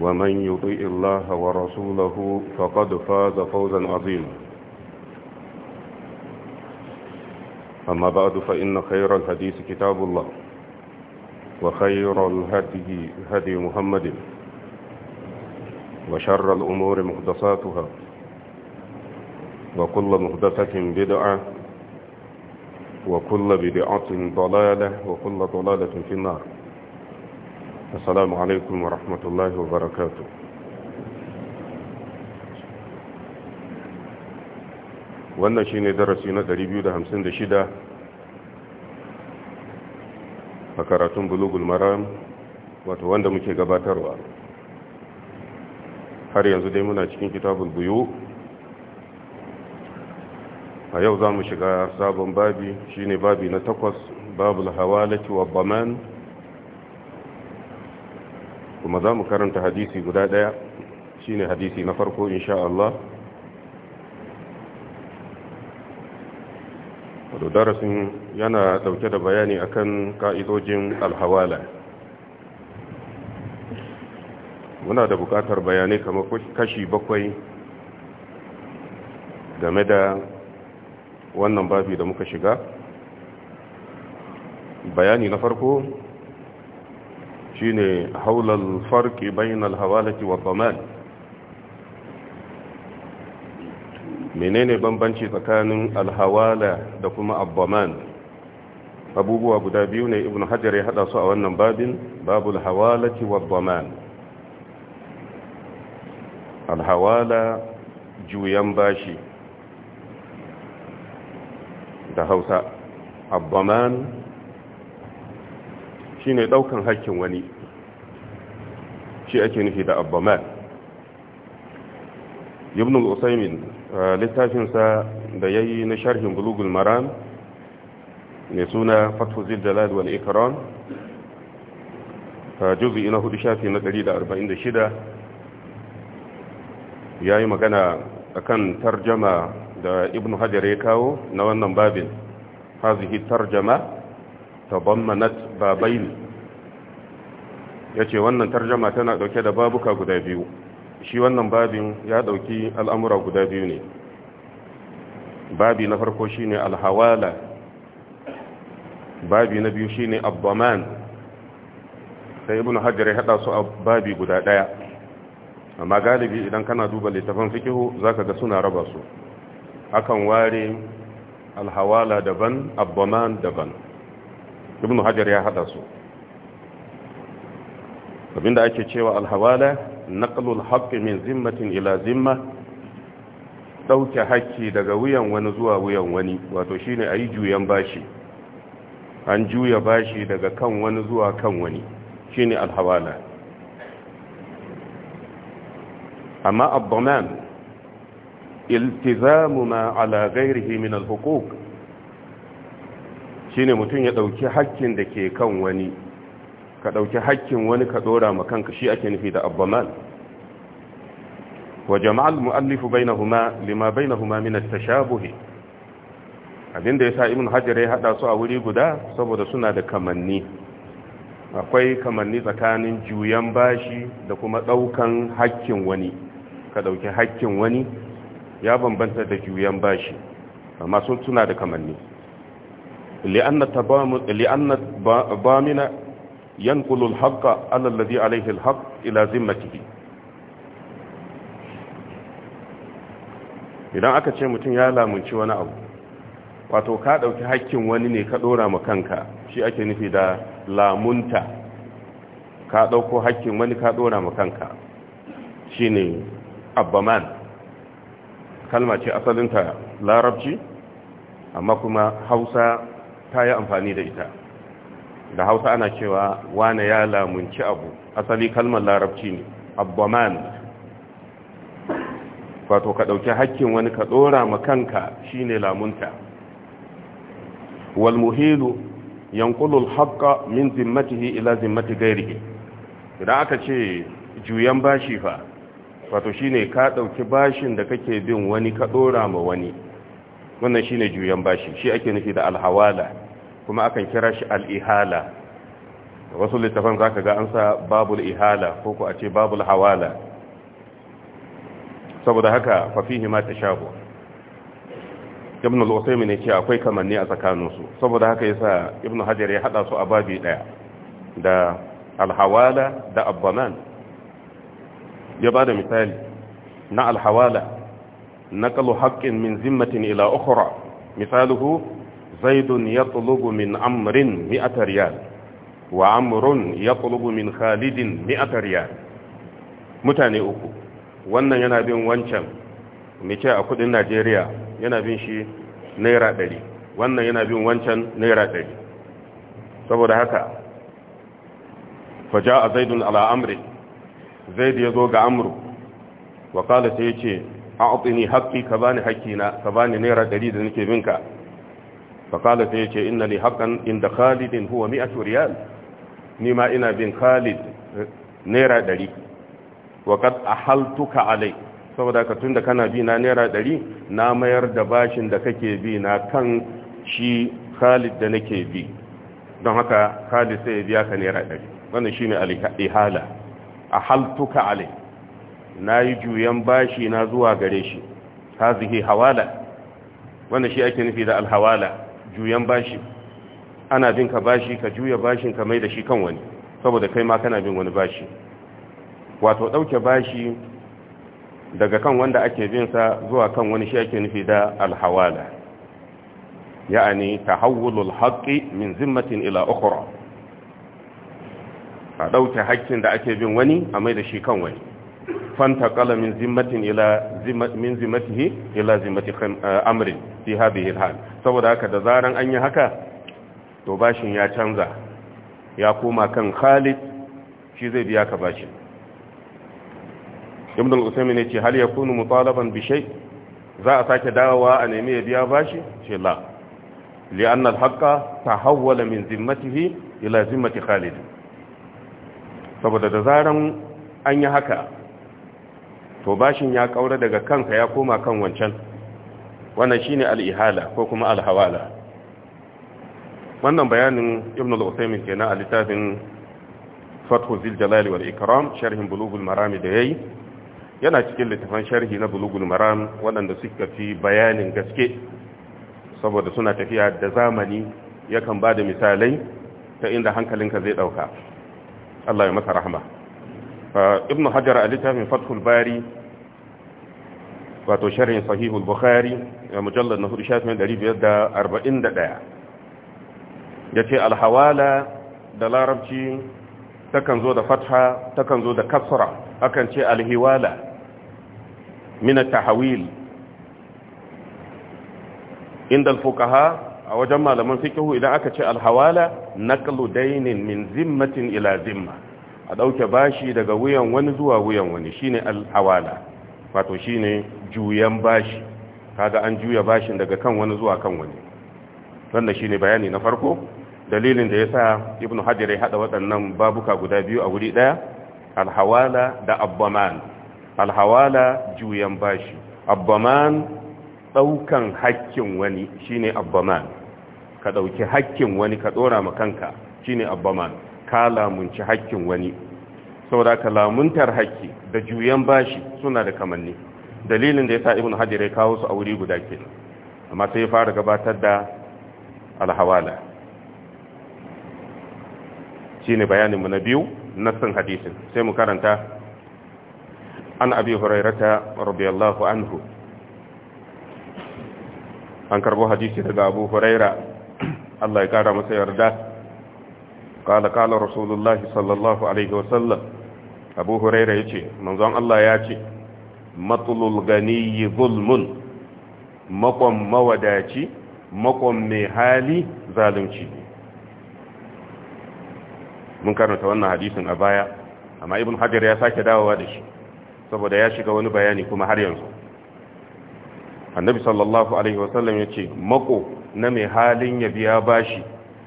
ومن يطيع الله ورسوله فقد فاز فوزا عظيما أما بعد فإن خير الحديث كتاب الله وخير الهدي هدي محمد وشر الأمور محدثاتها وكل محدثة بدعة وكل بدعة ضلالة وكل ضلالة في النار السلام عليكم ورحمة الله وبركاته wannan shine darasi na 256 a karatun bulugul maram wato wanda muke gabatarwa har yanzu dai muna cikin kitabul buyu a yau za mu shiga sabon babi shine babi na takwas babul hawalati wa baman kuma za mu karanta hadisi guda ɗaya ne hadisi na farko insha Allah wato darasin yana ɗauke da bayani akan ka'idojin alhawala muna da buƙatar bayanai kamar kashi bakwai game da wannan babi da muka shiga bayani na farko shine haulal farki bainal hawalati wa daman menene bambanci tsakanin alhawala da kuma abbaman abubuwa guda biyu ne ibn hajar ya hada su a wannan babin babul hawalati wa daman alhawala juyan bashi da hausa abbaman Shi ne ɗaukan hakkin wani shi ake nufi da abbaman ibn al-usaymin eh, littafinsa da yayi na sharhin bulugul Maran mai suna fatu zil jalal wal ikram eh, juz'i ina hudu shafi na 146 yayi magana akan tarjama da ibn hajar ya kawo na wannan babin hazihi tarjama tabammanat babaini yace wannan tarjuma tana dauke da babuka guda biyu shi wannan babin ya dauki al'amura guda biyu ne babi na farko shine alhawala babi na biyu shine abdaman sai Ibn hajjar ya hada su a babi guda daya amma galibi idan kana duba littafin fikihu zaka ga suna raba su akan ware alhawala daban abdaman daban ibn hajar ya hada su abinda ake cewa alhawala naqlul haqqi min zimmatin ila zimma dauke haƙƙi daga wuyan wani zuwa wuyan wani wato shine ayi juyan bashi an juya bashi daga kan wani zuwa kan wani shine alhawala amma abdaman iltizamu ma ala ghairihi min alhuquq shine mutum ya ɗauki hakkin da ke kan wani ka ɗauki hakkin wani ka ɗora ma kanka shi ake nufi da abbaman wa jama'al mu'allifu bainahuma lima bainahuma min at-tashabuhi abinda yasa ibn hajar ya hada su a wuri guda saboda suna da kamanni akwai kamanni tsakanin juyan bashi da kuma daukan hakkin wani ka dauki hakkin wani ya bambanta da juyan bashi amma sun suna da kamanni لأن لأن الضامن ينقل الحق على الذي عليه الحق إلى ذمته idan aka ce mutum ya lamunci wani abu wato ka ɗauki haƙƙin wani ne ka ɗora ma kanka shi ake nufi da lamunta ka ɗauko haƙƙin wani ka ɗora ma kanka shi ne abbaman kalma ce asalinta larabci amma kuma hausa ta yi amfani da ita da hausa ana cewa wane ya lamunci abu asali kalmar larabci ne abbaman wato ka ɗauki hakkin wani ka ɗora ma kanka shine lamunta walmuhilu yankulul haƙƙa min zimmatihi ila zimmati gairihi idan aka ce juyan bashi fa wato shine ka ɗauki bashin da kake bin wani ka ɗora ma wani wannan shine juyan bashi shi ake nufi da alhawala kuma akan kira shi al'ihala wasu littafan za ka ga an sa babul ihala ko ku a ce babul hawala saboda haka fafihi ma ta shago ibn al'usaimi ne ce akwai kamanni a tsakaninsu saboda haka yasa ibn hajar ya hada su a babi daya da alhawala da abbanan ya ba da misali na alhawala نقل حق min zimmatin ila أخرى misalihu zaidun ya tsulubu min amrin mi'atar riyal wa ya tsulubu min khalidin mi'atar riyal mutane uku wannan yana bin wancan mace a kuɗin najeriya yana bin shi naira ɗari wannan yana bin wancan naira ɗari saboda haka faja a zaidun al'amri zaid ya zo ga amru wakala sai ya ce a haƙƙi ka bani na ka bani naira ɗari da nake binka faƙala yi ce inna li haƙan inda khalidin huwa mi'atu riyal ni ma ina bin khalid naira ɗari wa kad ahaltuka alai saboda ka tunda kana bi na naira ɗari na mayar da bashin da kake bi na kan shi khalid da nake bi don haka khalid sai ya biya ka naira ɗari wannan shine al-ihala ahaltuka alai na yi juyan bashi na zuwa gare shi hazihi hawala wannan shi ake nufi da alhawala juyan bashi ana bin ka bashi ka juya bashin ka mai da shi kan wani saboda kai ma kana bin wani bashi wato ɗauke bashi daga kan wanda ake bin sa zuwa kan wani shi ake nufi da alhawala ya'ani tahawulul haqqi min zimmatin ila ukhra a ɗauke haƙƙin da ake bin wani a mai da shi kan wani فانتقل من ذمة إلى من ذمته إلى ذمة أمر في هذه الحال saboda haka da zaran an yi haka to bashin ya canza ya koma kan Khalid shi zai biya ka bashin Ibn al-Usaymin yace hal yakunu mutalaban bi shay za a sake dawowa a nemi ya biya bashi ce la li'anna al-haqqa tahawwala min ila Khalid da zaran anyi haka to bashin ya kaura daga kanka ya koma kan wancan wannan shine al-ihala ko kuma al-hawala wannan bayanin ibn al-usaymin kenan a littafin fathu zil jalali wal ikram sharhin bulughul marami da yayi yana cikin littafin sharhi na bulughul maram waɗanda suka fi bayanin gaske saboda suna tafiya da zamani yakan bada misalai ta inda hankalinka zai dauka Allah ya masa rahma Ibnu hajar a littafin fathul bari wato sharhin sahihul bukhari a mujallar na hudu shafin 541 ya ce alhawala da larabci takan zo da fatha takan zo da kasra akan ce alhiwala mina tahawil inda alfukaha a wajen malaman fikihu idan aka ce alhawala naqlu dainin min zimmatin ila zimma a ɗauke bashi daga wuyan wani zuwa wuyan wani shine alhawala wato shine juyan bashi kaga an juya bashin daga kan wani zuwa kan wani wannan shine bayani na farko dalilin da yasa ibnu hajar ya hada waɗannan babuka guda biyu a wuri ɗaya alhawala da abbaman alhawala juyan bashi abbaman ɗaukan haƙƙin wani shine abbaman ka ɗauki haƙƙin wani ka ɗora ma kanka shine abbaman ka lamunci hakkin wani saboda ka lamuntar hakki da juyan bashi suna da kamanni dalilin da ya sa ibn hajar ya kawo su a wuri guda ke amma sai ya fara gabatar da alhawala Shi ne bayaninmu na biyu nassin hadisin sai mu karanta an abi hurairata radiyallahu anhu an karbo hadisi daga abu huraira Allah ya kara masa yarda قال قال رسول الله صلى الله عليه وسلم أبو هريرة يتي منظم الله ياتي مطل الغني ظلم مقم موداتي مقم مهالي ظالمتي mun karanta wannan hadisin a baya amma ibn hajar ya sake dawowa da shi saboda ya shiga wani bayani kuma har yanzu annabi sallallahu alaihi wasallam ya ce mako na mai halin ya biya bashi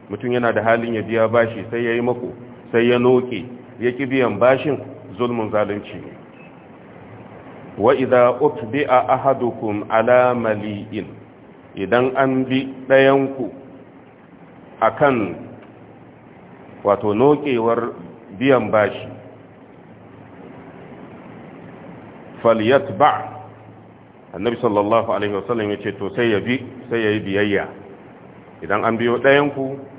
mutum yana da halin ya biya bashi sai ya yi mako sai ya noke ya ƙi biyan bashin zulmin zalunci ne wa idza utbi'a ahadukum ala mali'in idan an bi ɗayanku akan wato nokewar biyan bashi falyatba annabi sallallahu alaihi wasallam yace to sai ya bi sai ya yi biyayya idan an biyo ɗayanku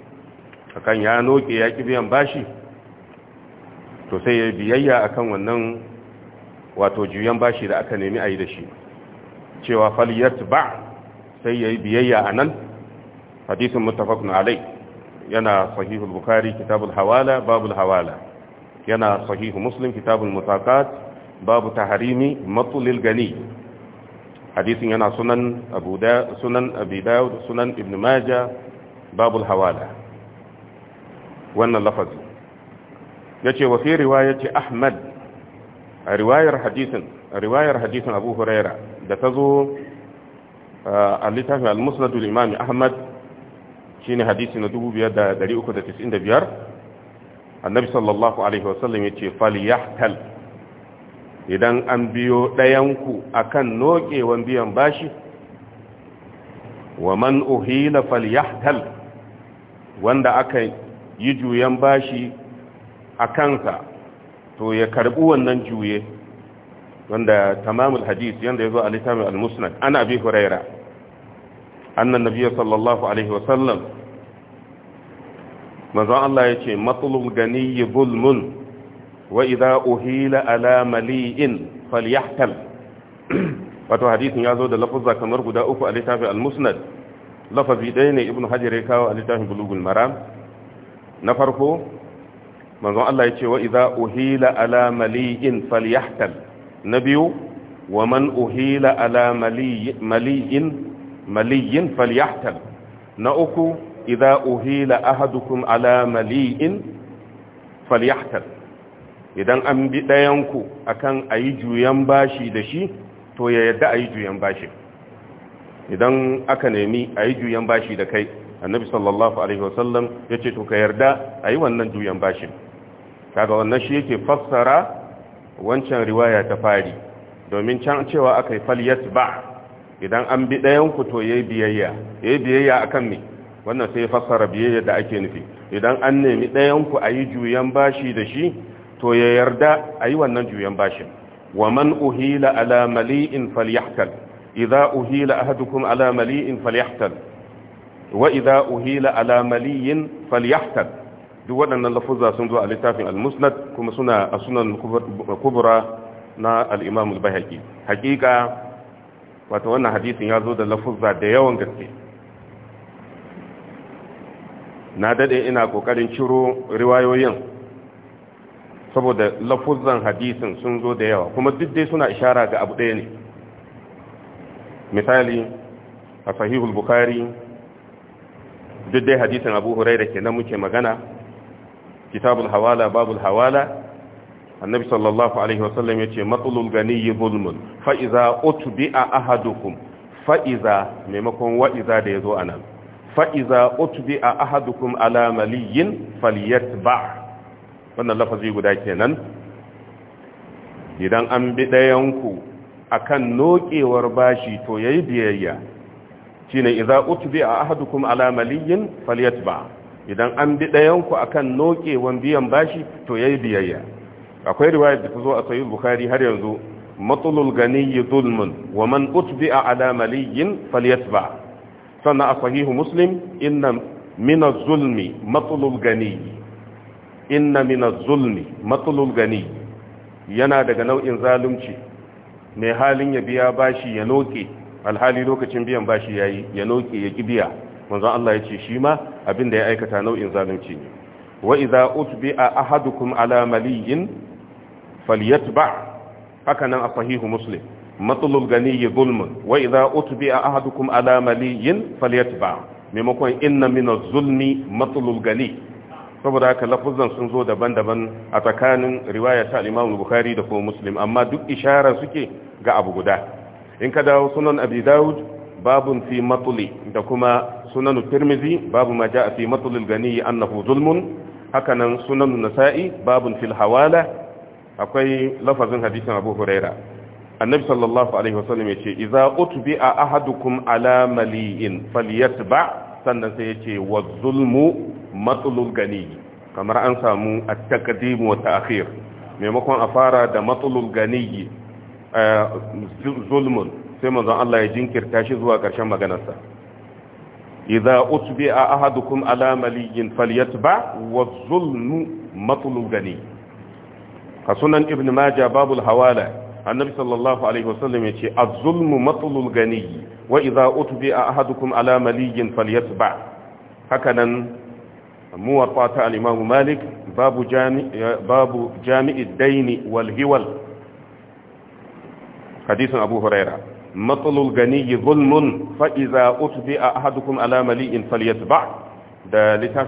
akan ya noke ya ƙi biyan bashi to sai ya biyayya akan wannan wato juyan bashi da aka nemi a yi da shi cewa faliyat ba sai ya yi biyayya a nan hadisun mutafakun alai yana sahihul bukari kitabul hawala babul hawala yana sahihu muslim kitabul mutakat babu taharimi matulil gani hadisin yana sunan abu da sunan sunan ibn majah babul hawala wannan lafazi ya ce wa fi riwayati ahmad a riwayar hadisin a riwayar hadisin abu huraira da ta zo a littafin al-musnadul imami ahmad shine hadisi na 5395 annabi sallallahu alaihi wasallam ya ce falyahtal idan an biyo ɗayanku akan nokewan biyan bashi wa man uhila falyahtal wanda aka yi juyan bashi a kansa to ya karbi wannan juye wanda tamamul hadis yanda yazo a littafin al-musnad ana bi huraira annan nabiyyu sallallahu alaihi wasallam manzon Allah yace matlul ganiyyi bulmun wa idha uhila ala mali'in falyahtal wato hadisin yazo da lafuzza kamar guda uku a littafin al-musnad lafazi ɗaya ne ibnu hajar ya kawo a littafin bulugul maram na farko manzon Allah ya ce wa idza uhila ala mali'in falyahtal na biyu wa man uhila ala mali'in mali'in falyahtal na uku idza uhila ahadukum ala mali'in falyahtal idan an bi dayanku akan ayi juyan bashi da shi to ya yadda ayi juyan bashi idan aka nemi ayi juyan bashi da kai annabi sallallahu alaihi wasallam ya ce to ka yarda a yi wannan juyan bashin kaga wannan shi yake fassara wancan riwaya ta fari domin can cewa aka yi falyat ba idan an bi ɗayan ku to yayi biyayya yayi biyayya akan me wannan sai ya fassara biyayya da ake nufi idan an nemi ɗayan ku a yi juyan bashi da shi to ya yarda a yi wannan juyan bashin wa man uhila ala mali'in falyahtal idza uhila ahadukum ala mali'in falyahtal wa'iza idza uhila ala maliyin falyahtar duk waɗannan lafuzza sun zo a littafin al-musnad kuma suna a sunan kubra na al-imam al-bayhaqi hakika wato wannan hadisin ya zo da lafuzza da yawan gaske na dade ina kokarin ciro riwayoyin saboda lafuzzan hadisin sun zo da yawa kuma duk dai suna ishara ga abu ɗaya ne misali a sahihul bukhari duk dai hadisin abu huraira kenan muke magana kitabul hawala babul hawala annabi sallallahu alaihi wasallam yace matsalul ganiyyi zulmun fa iza utbi'a ahadukum fa iza maimakon wa iza da yazo anan fa iza utbi'a ahadukum ala maliyin falyatba wannan lafazi guda kenan idan an bi ku akan nokewar bashi to yayi biyayya shine idza utbi ahadukum ala maliyin falyatba idan an bi dayan ku akan nokewan biyan bashi to yayi biyayya akwai riwayar da ta zo a sahih bukhari har yanzu matulul ganiyyi zulmun wa man utbi ala maliyin falyatba a sahihu muslim inna min az-zulmi matulul ganiyyi inna min az-zulmi matulul gani yana daga nau'in zalunci mai halin ya biya bashi ya noke alhali lokacin biyan bashi yayi ya noke ya kibiya manzon Allah ya ce shi ma abin da ya aikata nau'in zalunci ne wa idza utbi'a ahadukum ala maliyin falyatba haka nan a sahihu muslim matsalul ya zulmun wa idza a ahadukum ala maliyin falyatba maimakon inna min zulmi matsalul gani saboda haka lafuzan sun zo daban-daban a tsakanin riwayata ta buhari da kuma Muslim amma duk isharar suke ga abu guda in ka dawo sunan abi dawud babun fi matuli da kuma sunan tirmizi babu ma ja'a fi matulil gani annahu zulmun hakanan sunan nasa'i babun fil hawala akwai lafazin hadisin abu huraira annabi sallallahu alaihi wasallam yace idza a ahadukum ala mali'in falyatba sannan sai yace wa zulmu matlul gani kamar an samu at-taqdim wa ta'khir maimakon a fara da matlul gani zulmun sai manzon Allah ya jinkirta shi zuwa ƙarshen maganarsa idza utbi'a ahadukum ala maliyin falyatba wa zulmu matlul gani a sunan ibn majah babul hawala annabi sallallahu alaihi wasallam yace az-zulmu matlul gani wa idza utbi'a ahadukum ala maliyin falyatba hakanan muwatta ta al-imam malik babu jami babu jami'i daini wal hiwal hadisin abu huraira matsalul gani littafin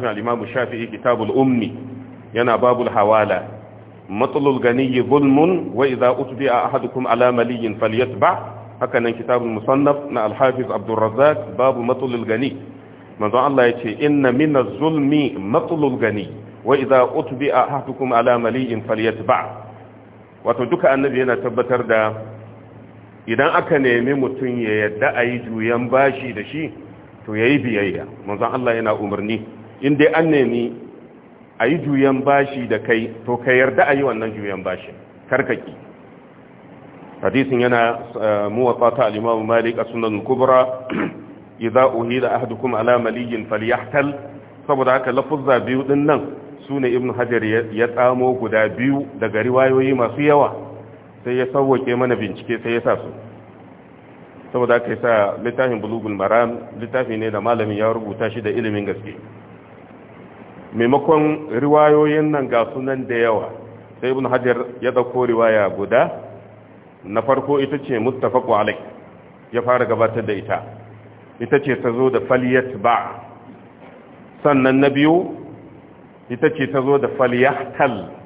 al shafi'i kitabul ummi yana babul hawala matsalul gani nan kitabul musannaf na al-hafiz babu gani manzon Allah ya ce inna minaz zulmi matsalul gani wato duka annabi yana tabbatar da idan aka nemi mutum ya yadda a yi juyan bashi da shi to ya yi biyayya manzan Allah yana umarni in dai an nemi a yi juyan bashi da kai to ka yarda a yi wannan juyan bashi karkaki hadisin yana eh, muwatsa ta alimamu malik a sunan kubra idza uhila ahadu kuma maliyin falyahtal saboda haka lafuzza biyu din nan ne ibnu hajar ya tsamo guda biyu daga riwayoyi masu yawa sai ya sauwake mana bincike sai ya sa su saboda aka yi sa littafin bulugul maram littafi ne da malamin ya rubuta shi da ilimin gaske maimakon riwayoyin nan ga sunan da yawa sai ibn hajar ya dauko riwaya guda na farko ita ce mustafaqu alai ya fara gabatar da ita ita ce ta zo da faliyat ba sannan na biyu ita ce ta zo da faliyatal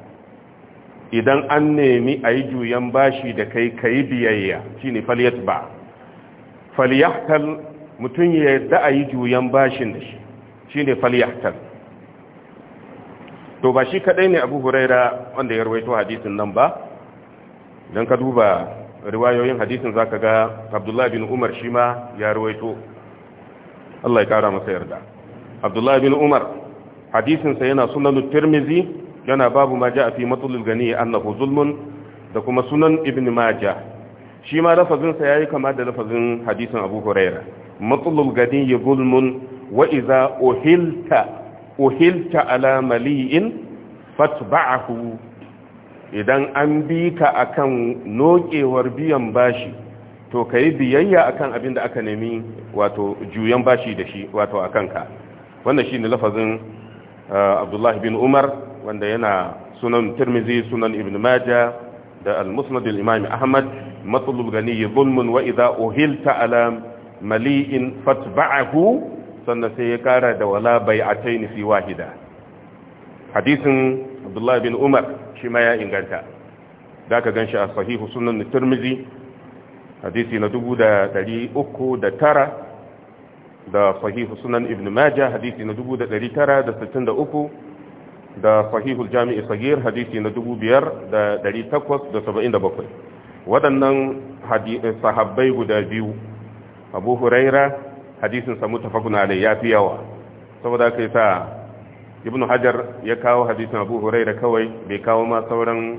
idan an nemi a yi juyan bashi da kai ka yi biyayya shi ne faliyat ba faliyatar mutum ya yadda a yi juyan bashin da shi shi ne faliyatar to ba shi kaɗai ne abu huraira wanda ya rawaito hadisin nan ba idan ka duba riwayoyin hadisin za ka ga abdullahi bin umar shi ma ya rawaito allah ya kara masa yarda abdullahi bin umar hadisinsa yana sunan tirmizi yana babu ma ja a fi matsalul gani annahu zulmun da kuma sunan ibn maja shi ma ya yi kama da lafazin hadisin abu huraira matsalul gani zulmun wa iza uhilta uhilta ala mali'in fatba'ahu idan an bi ka akan nokewar biyan bashi to ka yi biyayya akan abin da aka nemi wato juyan bashi da shi wato akan ka wannan shi ne lafazin abdullahi bin umar wanda yana sunan tirmizi sunan ibn maja da al-musnad al-imam ahmad matlul gani zulmun wa idza uhilta ala mali'in fatba'ahu sannan sai ya kara da wala bai'atayn fi wahida hadisin abdullahi bin umar shi ma ya inganta da ka ganshi a sahihu sunan tirmizi hadisi na tara. da sahihu sunan ibn majah hadisi na 1963 da sahihul jami'i sagir hadisi na 5877 waɗannan eh, sahabbai guda biyu abu huraira hadisin samu tafakuna ne ya fi yawa saboda kai sa ibn hajar ya kawo hadisin abu huraira kawai bai kawo ma sauran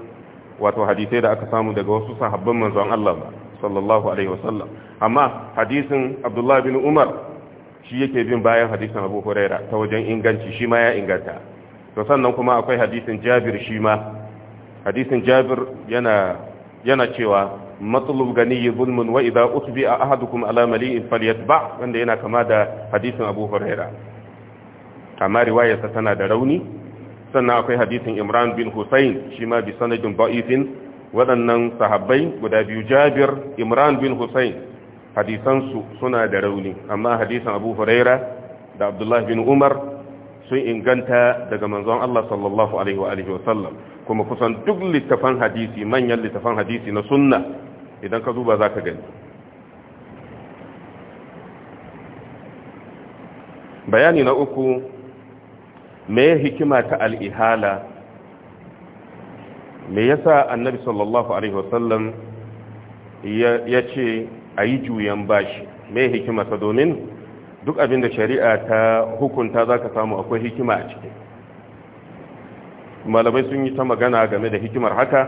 wato hadisai da aka samu daga wasu sahabban manzon Allah ba sallallahu alaihi wasallam amma hadisin abdullahi bin umar shi yake bin bayan hadisin abu huraira ta wajen inganci shi ma ya inganta to sannan kuma akwai hadisin jabir shi ma hadisin jabir yana yana cewa matsalul gani zulmun wa idza utbi ahadukum in faliyat ba wanda yana kama da hadisin abu huraira amma riwayarsa tana da rauni sannan akwai hadisin imran bin husayn shi ma bi sanadin da'ifin waɗannan sahabbai guda biyu jabir imran bin husayn hadisansu suna da rauni amma hadisan abu huraira da abdullahi bin umar sun inganta daga manzon Allah sallallahu alaihi wa alihi wasallam kuma kusan duk littafan hadisi manyan littafan hadisi na sunna idan ka duba za ka gani bayani na uku me hikima ta al'ihala me yasa annabi sallallahu alaihi wasallam ya ce a yi juyan bashi mai ta domin duk abin da shari'a ta hukunta za ka samu akwai hikima a ciki malamai sun yi ta magana game da hikimar haka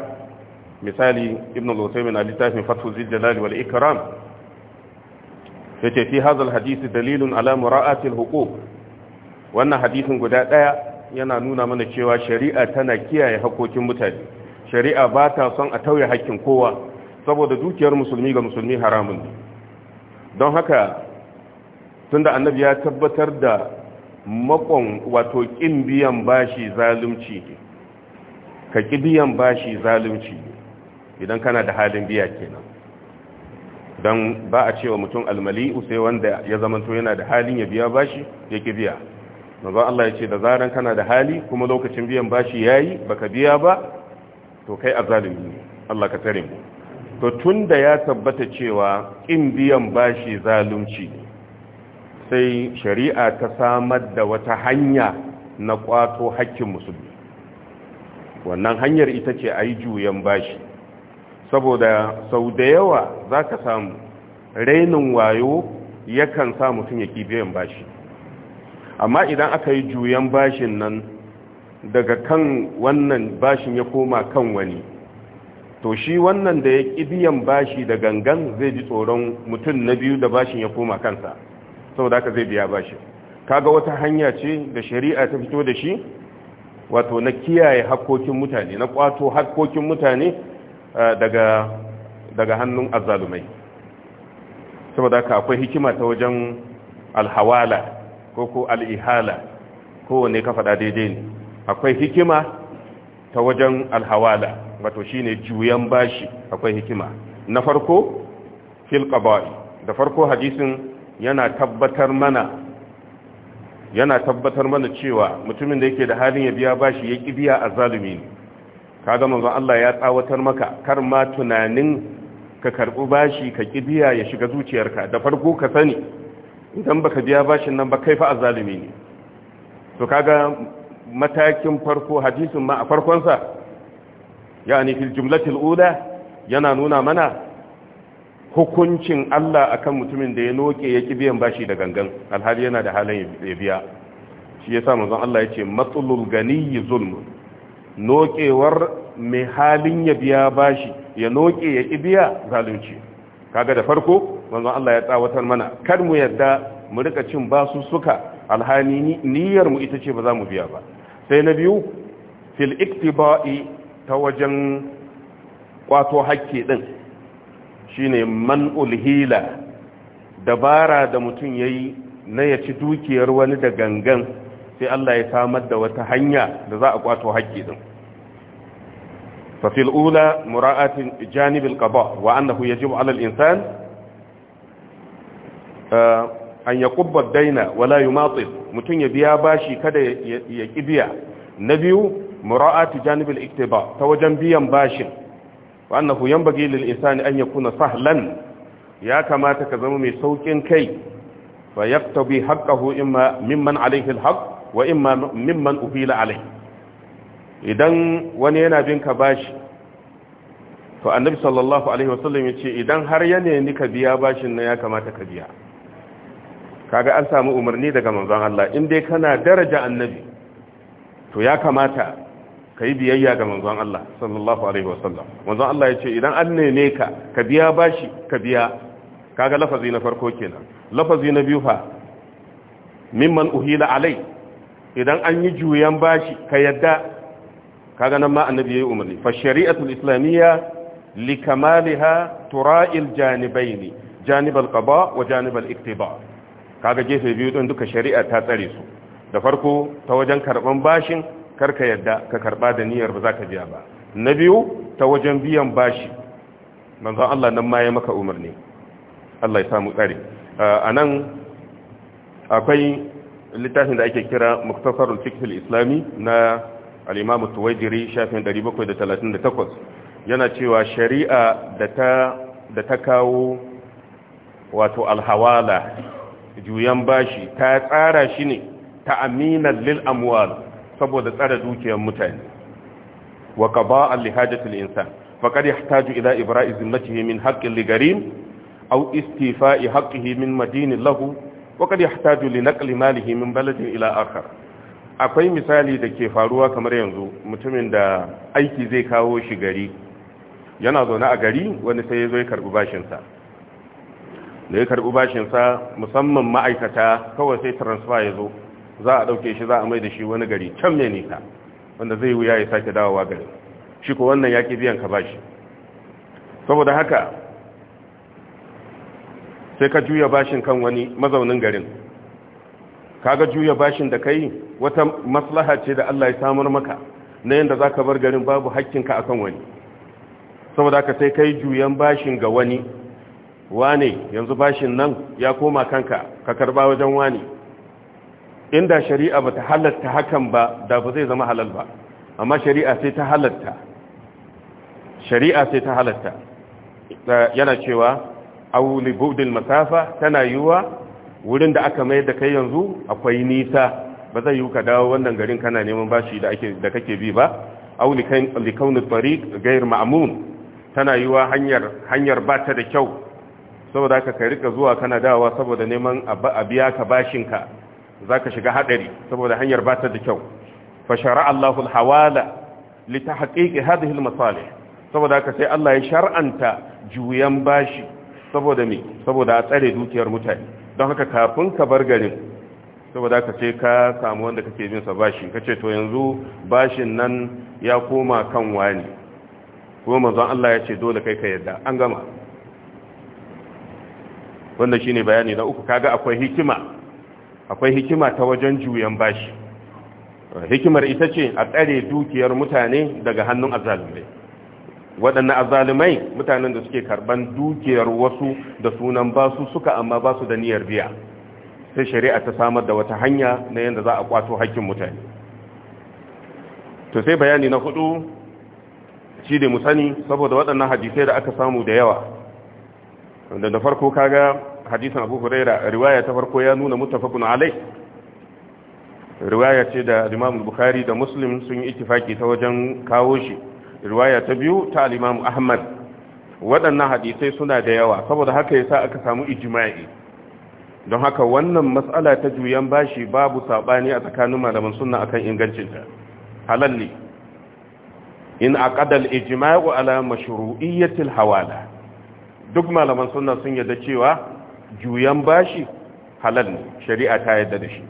misali ibn al-usaymin a littafin fathu zijjalali wal ikram ce fi hadal hadisi dalilin alamu ra'atil al wannan hadisin guda daya yana nuna mana cewa shari'a tana kiyaye hakokin mutane shari'a ba ta son a tauye hakkin kowa saboda dukiyar musulmi ga musulmi haramun ne don haka tunda annabi ya tabbatar da makon wato kin biyan bashi zalunci ne ka ki biyan bashi zalunci idan kana da halin biya kenan don ba a cewa mutum almali'u sai wanda ya zamanto yana da halin ya biya bashi ya ki biya manzo Allah ya ce da zaran kana da hali kuma lokacin biyan bashi ya yayi baka biya ba to kai a ne Allah ka tare mu to tun da ya tabbata cewa ƙin biyan bashi zalunci sai shari'a ta samar da wata hanya na kwato hakkin musulmi wannan hanyar ita ce a yi juyan bashi saboda sau da yawa za ka samu rainin wayo yakan sa mutum ya biyan bashi amma idan aka yi juyan bashin nan daga kan wannan bashin ya koma kan wani to shi wannan da ya ƙi biyan bashi da gangan zai ji tsoron mutum na biyu da bashin ya koma kansa saboda haka zai biya bashi kaga wata hanya ce da shari'a ta fito da shi wato na kiyaye hakkokin mutane na kwato hakkokin mutane daga daga hannun azzalumai saboda haka akwai hikima ta wajen alhawala ko ko al'ihala kowane ka faɗa daidai ne akwai hikima ta wajen alhawala wato shine juyan bashi akwai hikima na farko fil qaba'i da farko hadisin yana tabbatar mana yana tabbatar mana cewa mutumin da yake da halin ya biya bashi ya ki biya azzalumi ne kaga manzon Allah ya tsawatar maka kar ma tunanin ka karbu bashi ka kibiya ya shiga zuciyarka da farko ka sani idan baka biya bashin nan ba kai fa azzalumi ne to kaga matakin farko hadisin ma a farkonsa yani fil jumlatil ula yana nuna mana hukuncin Allah akan mutumin da ya noke ya biyan bashi da gangan alhali yana da halin ya biya shi yasa manzon Allah yace gani ganiyyi zulm nokewar mai halin ya biya bashi ya noke ya biya zalunci kaga da farko manzon Allah ya tsawatar mana kar mu yarda mu rika cin basu suka alhali niyyar mu ita ce ba za mu biya ba sai na biyu fil iktiba'i ta wajen kwato hakki ɗin shine man ulhila dabara da mutum yayi na ya ci dukiyar wani da gangan sai Allah ya samar da wata hanya da za a kwato hakki ɗin. fa mura'atin janib al qada wa annahu yajibu ala al insan eh, an yaqubba daina wala yumatil mutum ya biya bashi kada ya biya na biyu mura'ati janibil iktiba ta wajen biyan bashin wa annahu yanbaghi lil insani an yakuna sahlan ya kamata ka zama mai saukin kai fa yaktabi haqqahu imma mimman alayhi alhaq wa imma mimman ufila alayhi idan wani yana bin ka bashi to annabi sallallahu alaihi wasallam yace idan har ya ni ka biya bashin nan ya kamata ka biya kaga an samu umarni daga manzon Allah in dai kana daraja annabi to ya kamata ka yi biyayya ga manzon Allah sallallahu alaihi wasallam manzon Allah ya ce idan an nene ka ka biya bashi ka biya kaga lafazi na farko kenan lafazi na biyu fa mimman uhila alai idan an yi juyan bashi ka yadda kaga nan ma annabi yi umarni fa shari'atul islamiyya likamaliha tura'il janibaini janibal qada wa janibal iktiba kaga gefe biyu din duka shari'a ta tsare su da farko ta wajen karban bashin kar ka yadda ka karba da niyyar ba za ka biya ba na biyu ta wajen biyan bashi manzon Allah nan ma ya maka umarni Allah ya samu tsari a nan akwai littafin da ake kira muktasarul fiqh islami na al-imam tuwaijiri shafin 738 yana cewa shari'a da ta kawo wato alhawala juyan bashi ta tsara shi ne ta aminan lil amwal saboda tsara dukiyar mutane wa qaba li hajatil insan faqad yahtaju ila ibra'i zimmatihi min haqqi li garim aw istifa'i haqqihi min madinin lahu wa qad yahtaju li naqli malihi min baladin ila akhar akwai misali da ke faruwa kamar yanzu mutumin da aiki zai kawo shi gari yana zaune a gari wani sai ya zo ya karbi bashinsa da ya karbi bashinsa musamman ma'aikata kawai sai transfer ya zo za a ɗauke shi za a mai da shi wani gari can mai nisa wanda zai wuya ya sake dawowa gari shi ko wannan ya ke biyan ka ba shi. saboda haka sai ka juya bashin kan wani mazaunin garin kaga juya bashin da kai wata maslaha ce da Allah ya samar maka na yanda za ka bar garin babu hakkinka a kan wani saboda haka sai kai juyan bashin ga wani wane yanzu bashin nan ya koma kanka ka karba wajen wani inda shari'a ba ta halatta hakan ba da ba zai zama halal ba amma shari'a sai ta halatta shari'a sai ta halatta yana cewa auli budil masafa tana yiwa wurin da aka mai da kai yanzu akwai nisa ba zai yiwu ka dawo wannan garin kana neman bashi da kake bi ba auli kan tariq gair ma'mun tana yiwa hanyar hanyar ba da kyau saboda haka kai rika zuwa kana dawa saboda neman a biya ka bashin ka zaka shiga haɗari saboda hanyar ba ta da kyau fashara shara'a Allahu al-hawala li tahqiqi hadhihi al saboda ka sai Allah ya shar'anta juyan bashi saboda me saboda a tsare dukiyar mutane don haka kafin ka bar garin saboda ka ce ka samu wanda kake bin sa bashi ce to yanzu bashin nan ya koma kan wani kuma manzon Allah ya ce dole kai ka yadda an gama wanda shine bayani na uku kaga akwai hikima akwai hikima ta wajen juyan bashi hikimar ita ce a tsare dukiyar mutane daga hannun azalumai waɗannan azalumai mutanen da suke karban dukiyar wasu da sunan basu suka amma basu da niyyar biya sai shari'a ta samar da wata hanya na yadda za a kwato hakkin mutane to sai bayani na hudu shi da mu saboda waɗannan hadisai da aka samu da yawa wanda da farko kaga hadisin abu huraira riwaya ta farko ya nuna mutafakun alai riwaya ce da al bukhari da muslim sun yi ittifaki ta wajen kawo shi riwaya ta biyu ta al ahmad waɗannan hadisai suna da yawa saboda haka yasa aka samu ijma'i don haka wannan matsala ta juyan bashi babu saɓani a tsakanin malaman sunna akan ingancinta halal ne in aqada ijima'u ijmau ala mashru'iyyati hawala duk malaman sunna sun yarda cewa juyan bashi halal ne shari'a ta yadda da shi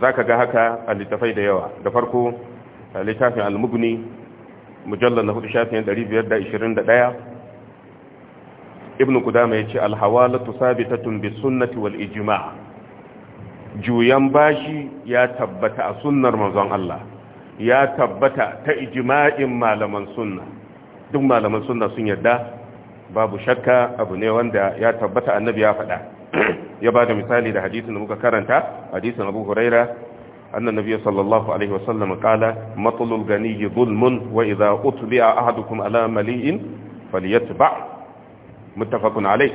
Za ka ga haka a littafai da yawa da farko littafin al mujallar mujallal na 4521 ibn ce, yace al-hawalatu ta bi sunnati wal ijima'a. juyan bashi ya tabbata a sunnar mazan Allah ya tabbata ta ijima'in malaman sunna duk malaman sunna sun yarda babu shakka abu ne wanda ya tabbata annabi ya faɗa ya ba da misali da hadisin da muka karanta hadisin abu huraira annan nabiya sallallahu alaihi wasallam kala matsalul gani zulmun wa idza utbi'a ahadukum ala mali'in falyatba muttafaqun alai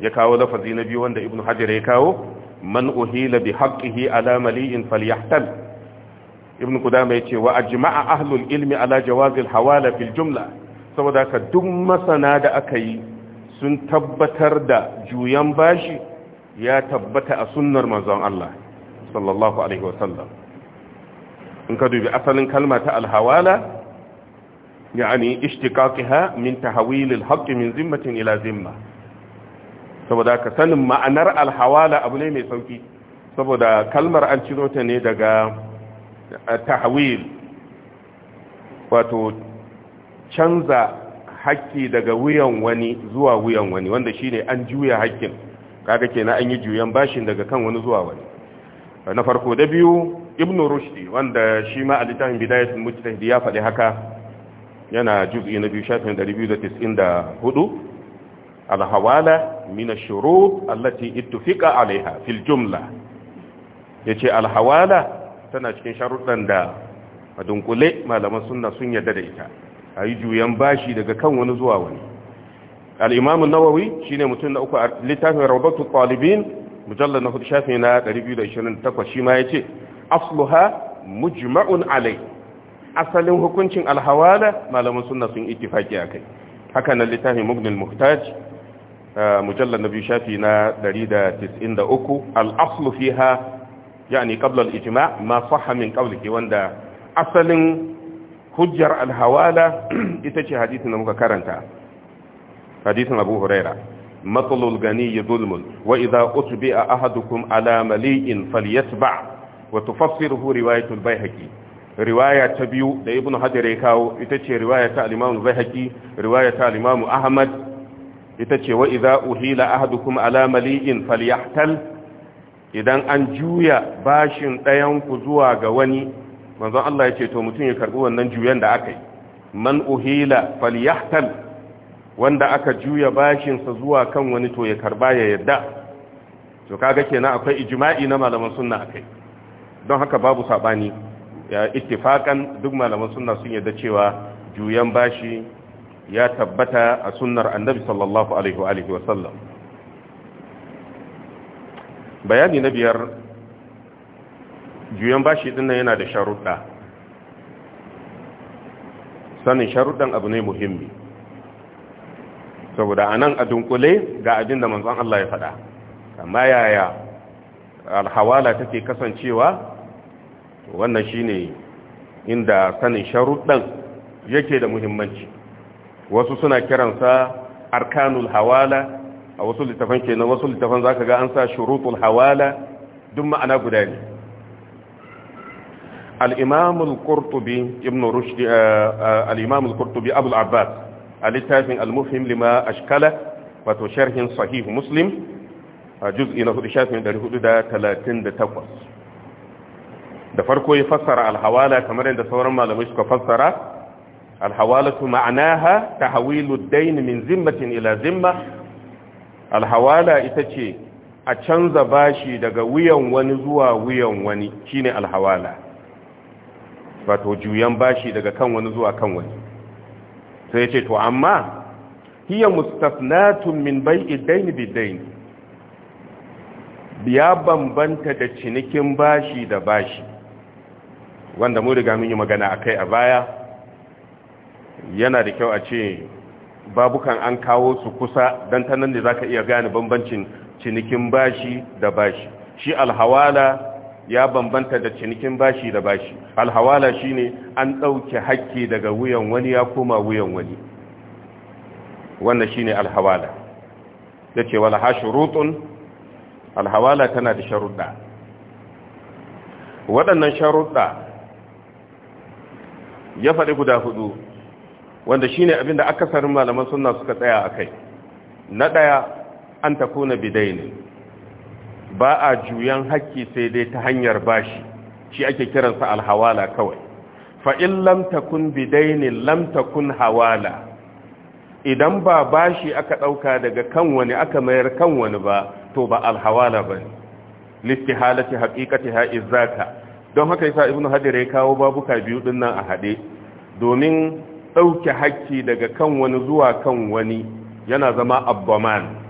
ya kawo lafazi na biyu wanda ibn hajar ya kawo man uhila bi haqqihi ala mali'in falyahtal ibnu ya cewa wa jima'a ahlul ilmi ala jawazi al hawala fil jumla saboda ka duk masana da aka yi sun tabbatar da juyan bashi ya tabbata a sunnar manzon Allah sallallahu alaihi wasallam in ka dubi asalin kalma ta alhawala yani ishtiqaqiha min tahwil alhaqq min zimmatin ila zimma saboda ka sanin ma'anar alhawala abu ne mai sauki saboda kalmar an ciro ta ne daga eh, tahwil wato canza hakki daga wuyan wani zuwa wuyan wani wanda shine an juya hakkin kaga kenan an yi juyan bashin daga kan wani zuwa wani na farko da biyu ibnu rushdi wanda shi ma a bidayatul mujtahid ya faɗi haka yana juz'i na biyu shafin 294 al-hawala min ash-shurut allati ittifaqa 'alayha fil jumla yace al-hawala tana cikin sharuɗan da dunkule malaman sunna sun yarda da ita a yi juyan bashi daga kan wani zuwa wani al'imamu nawawi shi ne mutum na uku a littafin rabatu ƙwalibin mujallar na shafi na 228 shi ma ya ce asluha mujma'un alai asalin hukuncin alhawala malamin suna sun ittifaki a kai haka na littafin mugnil muhtaj mujallar na biyu shafi na 193 al'aslu ha ya qabla al ijima ma fahamin min ke wanda asalin hujjar alhawala ita ce hadithin da muka karanta hadisin abu huraira matsalul gani ya zulmul wa idza utbi a ahadukum ala mali'in falyatba wa hu riwayatul baihaqi riwaya ta biyu da ibn hajar ya kawo ita ce riwaya ta alimamu bai baihaqi riwaya ta alimamu ahmad ita ce wa idza uhila ahadukum ala mali'in falyahtal idan an juya bashin ɗayanku ku zuwa ga wani manzon Allah ya ce to mutum ya karbi wannan juyan da aka yi man uhila falyahtal wanda aka juya bashin sa zuwa kan wani to ya karba ya yadda to kaga kenan akwai ijma'i na malaman sunna akai don haka babu sabani ya ittifakan duk malaman sunna sun yadda cewa juyan bashi ya tabbata a sunnar annabi sallallahu alaihi wa alihi wa sallam bayani na biyar juyan bashi din nan yana da sharuɗa sanin sharuɗan abu ne muhimmi saboda a nan a dunkule ga abin da manzon Allah ya faɗa amma yaya alhawala take kasancewa wannan shine inda sanin sharuɗan yake da muhimmanci wasu suna kiransa arkanul hawala a wasu littafan kenan wasu littafan zaka ga an sa shurutul hawala duk ma'ana guda ne al-imam al kurtubi ibn rushd al al-qurtubi abul abbas a littafin al-mufhim lima ashkala wato sharhin sahih muslim a juz'i na 4 shafin 438 da farko ya fassara al-hawala kamar yadda sauran malamai suka fassara al-hawalatu ma'anaha tahwilu ad-dayn min zimmatin ila zimma al ita ce a canza bashi daga wuyan wani zuwa wuyan wani shine al-hawala wato juyan bashi daga kan wani zuwa kan wani sai ya ce to amma hiya mustafnatun min bai'i daini bi daini ya bambanta da cinikin bashi da bashi wanda mu riga mun yi magana akai a baya yana da kyau a ce babukan an kawo su kusa don ta nan da za ka iya gane bambancin cinikin bashi da bashi shi alhawala ya bambanta da cinikin bashi da bashi alhawala shine an dauke hakki daga wuyan wani ya koma wuyan wani wannan shine alhawala yace wala hashrutun alhawala tana da sharuda waɗannan sharuda ya faɗi guda hudu wanda shine abinda akasarin malaman sunna suka tsaya akai na ɗaya an takuna bidaini ba a juyan haƙƙi sai dai ta hanyar bashi shi ake kiransa alhawala kawai fa'in lamtakun bidainin lamtakun hawala idan ba bashi aka ɗauka daga kan wani aka mayar kan wani ba to ba alhawala ba ne listi halatti haƙiƙati ha'izaka don haka yasa ibn hadir ya kawo babuka biyu ɗin nan a haɗe domin ɗauke haƙƙi daga kan wani zuwa kan wani yana zama abbaman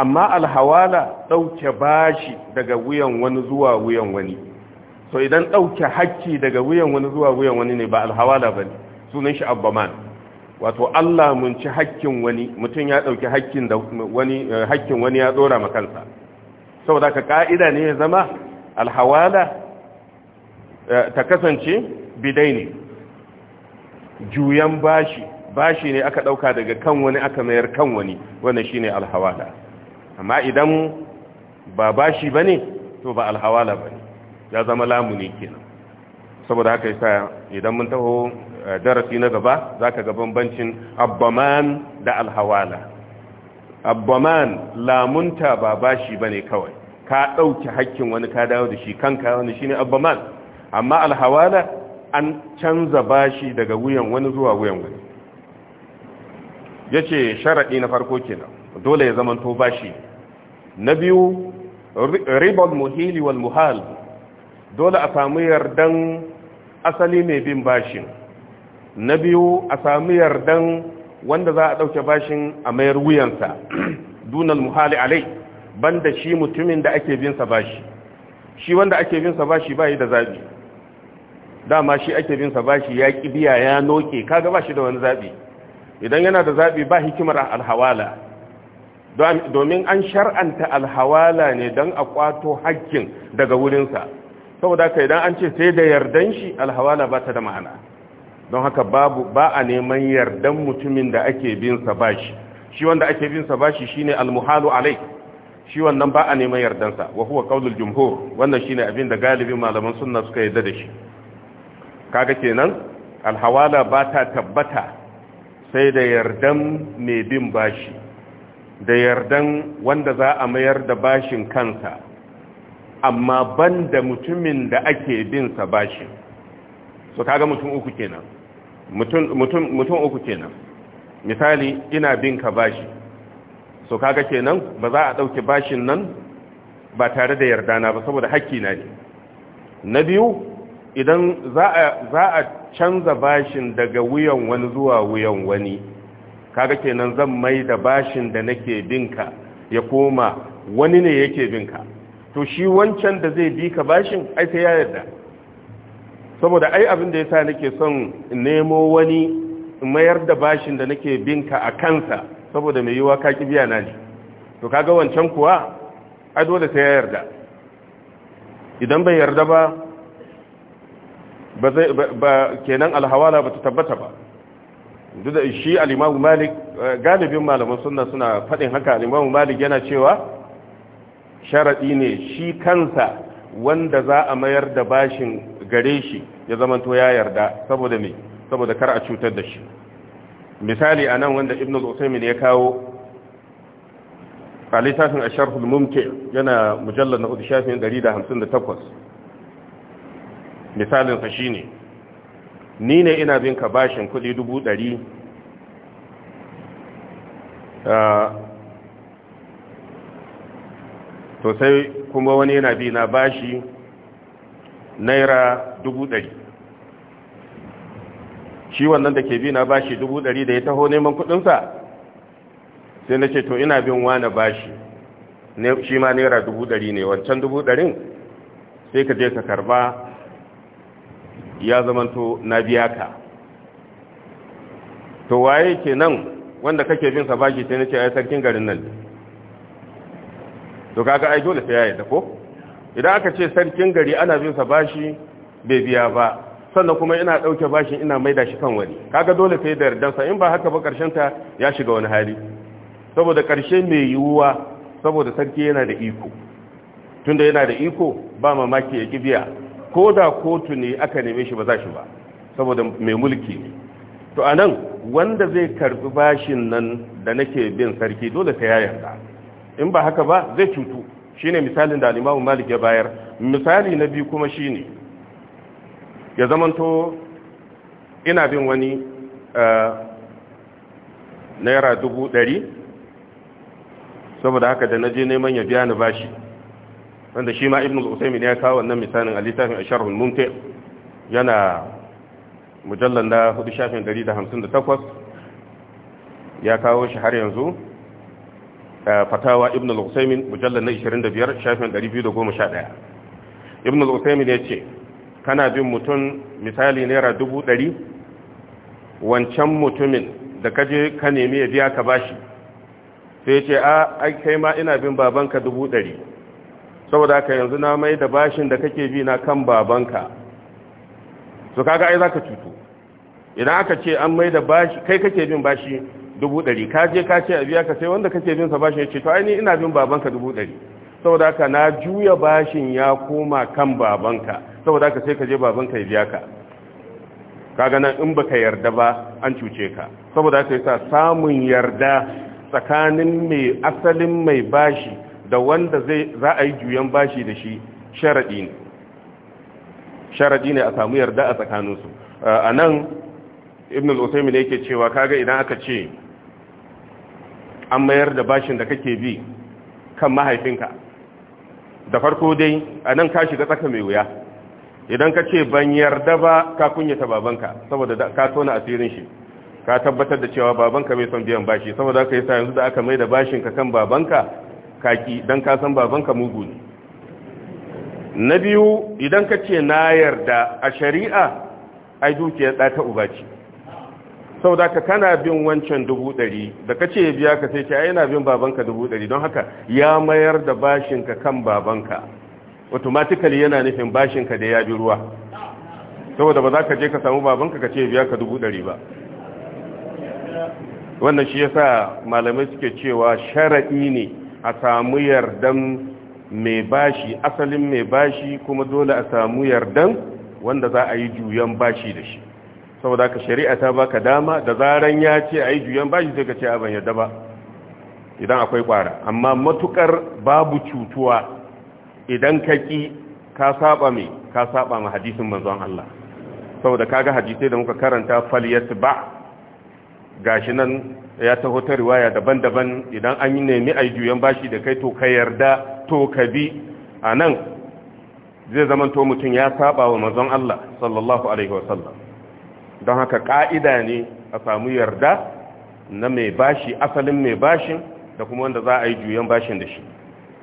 amma alhawala ɗauke bashi daga wuyan wani zuwa wuyan wani so idan ɗauke hakki daga wuyan wani zuwa wuyan wani ne ba alhawala ba ne sunan shi abbaman wato allah mun ci hakkin wani mutum ya ɗauki hakkin eh, wani ya ɗora makansa saboda ka ƙa'ida ne ya zama alhawala eh, ta kasance bidai ne juyan bashi bashi ne aka ɗauka daga kan wani aka mayar kan wani wannan shine alhawala amma idan ba bashi ba ne to ba alhawala ba ne ya zama lamuni kenan saboda haka yasa idan mun taho eh, darasi na gaba za ka ga bambancin abbaman da alhawala abbaman lamunta ba bashi bane kawai ka ɗauki hakkin wani ka dawo da shi kanka wani shine abbaman amma alhawala an canza bashi daga wuyan wani zuwa wuyan wani yace sharaɗi na farko kenan dole ya zama zamanto bashi na biyu ribal muhili wal muhal dole a samu yardan asali mai bin bashin na biyu a samu yardan wanda za a ɗauke bashin a mayar wuyansa dunal muhali alai banda shi mutumin da ake binsa bashi shi wanda ake binsa bashi bayi da zabi dama shi ake binsa bashi ya ƙi biya ya noke kaga bashi da wani zabi idan yana da zabi ba hikimar alhawala domin an shar'anta alhawala ne don a kwato hakkin daga wurinsa saboda ka idan an ce sai da yardan shi alhawala ba ta da ma'ana don haka babu ba a neman yardan mutumin da ake binsa bashi shi wanda ake binsa bashi shine almuhalu alai shi wannan ba a neman yardansa wa huwa kaulul jumhur wannan shine abin da galibin malaman sunna suka yarda da shi kaga kenan alhawala ba ta tabbata sai da yardan mai bin bashi da yardan wanda za a mayar da bashin kansa amma banda mutumin da ake bin sa bashin so kaga mutum uku kenan mutum uku kenan misali ina bin ka bashi so kaga kenan ba za a dauke bashin nan ba tare da yardana ba saboda hakki na ne na biyu idan za a canza bashin daga wuyan wani zuwa wuyan wani kaga kenan zan mai da bashin da nake binka ya koma wani ne yake binka to shi wancan da zai bi ka bashin ai sai ya yarda saboda ai abin da yasa nake son nemo wani mayar da bashin da nake binka a kansa saboda mai yiwa ka kibiya na ne to kaga wancan kuwa ai dole sai ya yarda idan bai yarda ba ba kenan alhawala ba ta tabbata ba duk da shi alimamu Malik eh, galibin malaman sunna suna faɗin haka alimamu Malik yana cewa sharaɗi ne shi kansa wanda za a mayar da bashin gare shi ya zamanto ya yarda saboda me saboda kar a cutar da shi misali anan wanda Ibn al ya kawo a littafin Asharh al-Mumti' yana mujallad na 158 misalin shi ne. ni ne ina bin ka bashin kuɗi dubu ɗari ah, to sai kuma wani yana bi na bashi naira dubu ɗari shi wannan da ke bi na bashi dubu ɗari da ya taho neman kuɗinsa sai na ce to ina bin wane bashi shi ma naira dubu ɗari ne wancan dubu ɗarin sai ka je ka karba ya zamanto na biya ka to waye ke nan wanda kake bin sabaki sai na ce ai sarkin garin nan to kaga ai dole sai yayi da ko idan aka ce sarkin gari ana bin sa bashi bai biya ba sannan kuma ina dauke bashi ina maida shi kan wani kaga dole sai da yardan sa in ba haka ba karshen ta ya shiga wani hali saboda karshe mai yiwuwa saboda sarki yana da iko tunda yana da iko ba mamaki ya kibiya ko da kotu ne aka neme shi ba za shi ba saboda mai mulki ne to a nan wanda zai karbi bashin nan da nake bin sarki dole ta ya da in ba haka ba zai cutu shi ne misalin da alimamu malik ya bayar misali na biyu kuma shi ne ya zamanto ina bin wani eh, naira dubu ɗari saboda haka da na je neman ya biya ni bashi wanda shi ma ibn usaimin ya kawo wannan misalin a littafin a sharhul mumti yana mujallar na hudu shafin 158 ya kawo shi har yanzu fatawa ibn al-usaimin mujallar na 25 shafin 211 ibn al-usaimin ya ce kana bin mutum misali naira dubu ɗari wancan mutumin da kaje ka nemi ya biya ka bashi sai ce a ai kai ma ina bin babanka dubu ɗari saboda haka yanzu na mai da bashin da kake bi na kan babanka to kaga ai zaka cutu idan aka ce an mai da bashi kai kake bin bashi dubu ɗari ka je ka ce a biya ka sai wanda kake bin sa bashin ya ce to ai ni ina bin babanka dubu ɗari saboda haka na juya bashin ya koma kan babanka saboda haka sai ka je babanka ya biya ka kaga nan in baka yarda ba an cuce ka saboda haka sa samun yarda tsakanin mai asalin mai bashi da wanda za a yi juyan bashi da shi sharaɗi ne sharaɗi ne a samu yarda a tsakaninsu a nan ibn al'usaimin yake cewa kaga idan aka ce an mayar da bashin da kake bi kan mahaifinka da farko dai a nan ka shiga tsaka mai wuya idan ka ce ban yarda ba ka kunyata babanka saboda ka tona asirin shi ka tabbatar da cewa babanka bai son biyan bashi saboda ka yi sa yanzu da aka mai da bashinka kan babanka kaki don ka san babanka mugu ne na biyu idan ka ce na yarda a shari'a ai dukiyar ta uba ce sau da ka kana bin wancan dubu ɗari da ka ce biya ka sai ce ai yana bin babanka dubu ɗari don haka ya mayar da bashinka kan babanka automatically yana nufin bashinka da ya bi ruwa saboda ba za ka je ka samu babanka ka ce biya ka dubu ɗari ba wannan shi ya sa malamai suke cewa sharaɗi ne a samu yardan mai bashi asalin mai bashi kuma dole a samu yardan wanda za a yi juyan bashi da shi saboda ka shari'a ta baka dama da zaran ya ce a yi juyan bashi sai ka ce abin yadda ba idan akwai kwara amma matukar babu cutuwa idan ka ki ka saba mai ka saba ma hadisin manzon Allah saboda kaga hadisai da muka karanta fal falyatba gashi nan ya taho ta riwaya daban-daban idan an yi nemi a juyan bashi da kai to ka yarda to ka bi a nan zai zamanto mutum ya saba wa mazan Allah sallallahu alaihi wasallam don haka ka'ida ne a samu yarda na mai bashi asalin mai bashin da kuma wanda za a yi juyan bashin da shi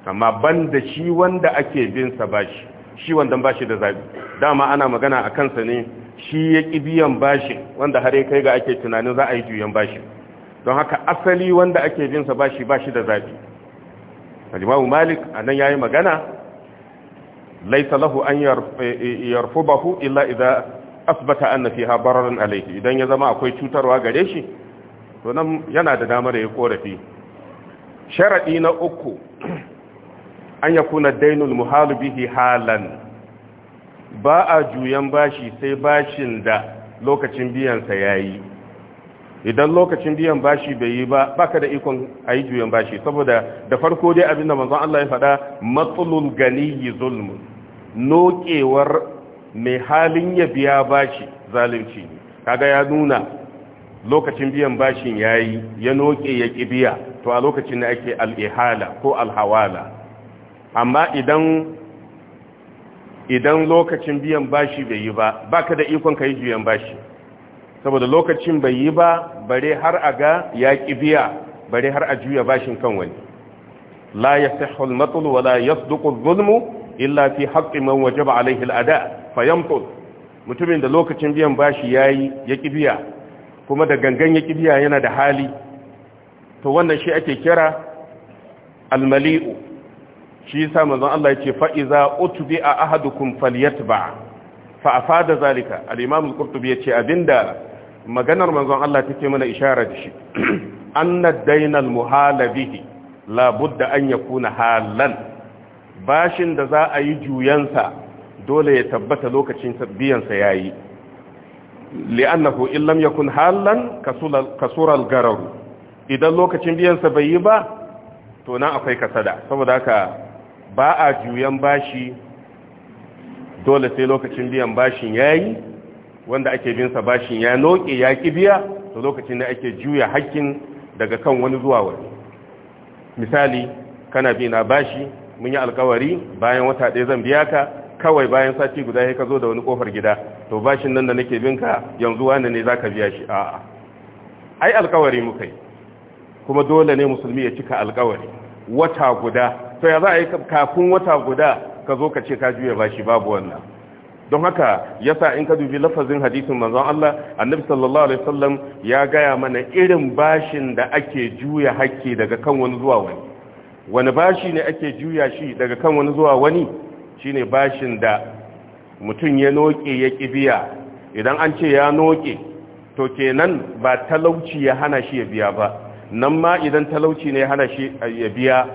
amma ban da shi wanda ake bin sa bashi shi wanda bashi da zabi dama ana magana a kansa ne shi ya ƙi biyan bashin wanda har ya kai ga ake tunanin za a yi juyan bashin don haka asali wanda ake bin sa bashi shi da zabi al-imam malik anan yayi magana laysa lahu an e, e, yarfubahu illa idan asbata anna fiha bararan alayhi idan ya zama akwai cutarwa gare shi to nan yana da damar ya korafi Sharaɗi na uku an yakuna dainul muhalu bihi halan ba a juyan bashi sai bashin da lokacin biyansa ya yi idan lokacin biyan bashi bai yi ba baka da ikon yi biyan bashi saboda da farko dai abinda manzon Allah ya faɗa matsulul yi zulmu nokewar mai halin ya biya bashi zalunci kaga ya nuna lokacin biyan bashin yayi ya noke ya kibiya to a lokacin da ake al'ihala ko alhawala hawala amma idan idan lokacin biyan bashi bai yi ba baka da ikon ka yi biyan bashi saboda lokacin bai yi ba bare har a ga ya ƙi biya bare har a juya bashin kan wani la yasihul matlu wala yasduqu zulmu dhulmu illa fi haqqi man wajaba alayhi al-ada fayamtul mutumin da lokacin biyan bashi yayi ya ƙi biya kuma da gangan ya ƙi biya yana da hali to wannan shi ake kira al-mali'u shi yasa manzon Allah ya ce fa iza utbi ahadukum falyatba fa afada zalika al-imam al-qurtubi ya ce abinda maganar manzon Allah take mana ishara da shi anna dainal muhala bihi la an yakuna halan bashin da za a yi juyansa dole ya tabbata lokacin biyan yayi li'annahu in lam yakun halan garar idan lokacin biyansa bai yi ba to nan akwai kasada saboda haka ba a juyan bashi dole sai lokacin biyan bashin yayi wanda ake bin sa bashin ya noke ya kibiya to lokacin da ake juya hakkin daga kan wani zuwa wani misali kana bi na bashi mun yi alkawari bayan wata ɗaya zan biya ka kawai bayan sati guda sai ka zo da wani kofar gida to bashin nan da nake bin ka yanzu wani ne zaka biya shi a'a ai alkawari muka yi kuma dole ne musulmi ya cika alkawari wata guda to ya za a yi kafin wata guda ka zo ka ce ka juya bashi babu wannan don haka ya sa in ka dubi lafazin hadisin manzon Allah annabi sallallahu alaihi wasallam ya gaya mana irin bashin da ake juya hakki daga kan wani zuwa wani wani bashi ne ake juya shi daga kan wani zuwa wani shine bashin da mutum ya noke ya kibiya idan an ce ya noke to kenan ba talauci ya hana shi ya biya ba nan ma idan talauci ne ya hana shi ya biya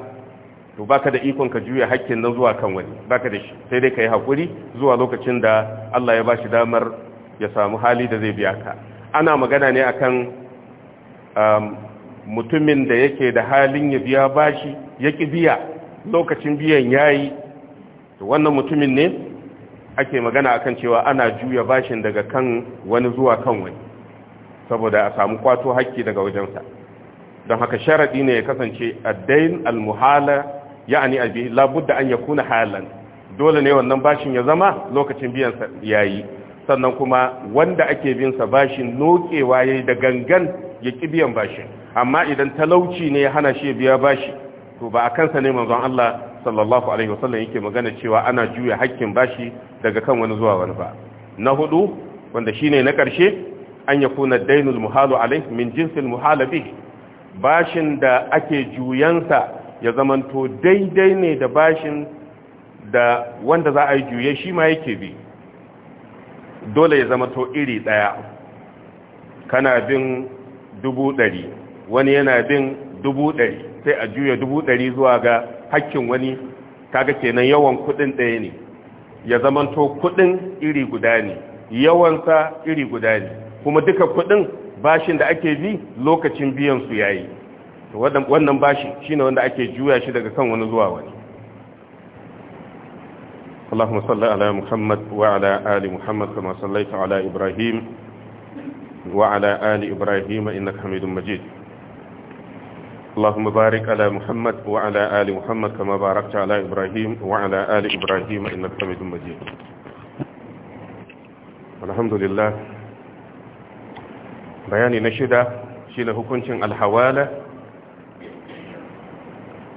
to baka da ikon ka juya hakkin nan zuwa kan wani baka da shi sai dai ka yi hakuri zuwa lokacin da Allah ya bashi damar ya samu hali da zai biya ka ana magana ne akan um, mutumin da yake da halin ya biya bashi ya ki biya lokacin biyan yayi to wannan mutumin ne ake magana akan cewa ana juya bashin daga kan wani zuwa kan wani saboda a samu kwato hakki daga wajensa don haka sharaɗi ne ya kasance addain almuhala ya'ani abi labudda an yakuna halan dole ne wannan bashin ya zama lokacin biyan sa yayi sannan kuma wanda ake bin sa bashin nokewa yayi da gangan ya ki biyan bashin amma idan talauci ne ya hana shi biya bashi to ba akan sa ne manzon Allah sallallahu alaihi wasallam yake magana cewa ana juya hakkin bashi daga kan wani zuwa wani ba na hudu wanda shine na karshe an yakuna dainul muhalu alaihi min jinsil muhalabi bashin da ake juyansa ya zamanto daidai ne da bashin da wanda za a yi juye shi ma yake bi dole ya zamanto iri daya kana bin dubu dari wani yana bin dubu dari sai a juya dubu dari zuwa ga hakkin wani kaga kenan yawan kudin ɗaya ne ya zamanto kudin iri guda ne yawansa iri guda ne kuma duka kudin bashin da ake bi lokacin biyan su yayi wannan bashi shine wanda ake juya shi daga kan wani zuwa wani Allahumma salli ala Muhammad wa ali Muhammad kama sallaita ala Ibrahim wa ali Ibrahim innaka Hamidum Majid Allahumma barik ala Muhammad wa ali Muhammad kama barakta ala Ibrahim wa ali Ibrahim innaka Hamidum Majid Alhamdulillah bayani na shida shine hukuncin alhawala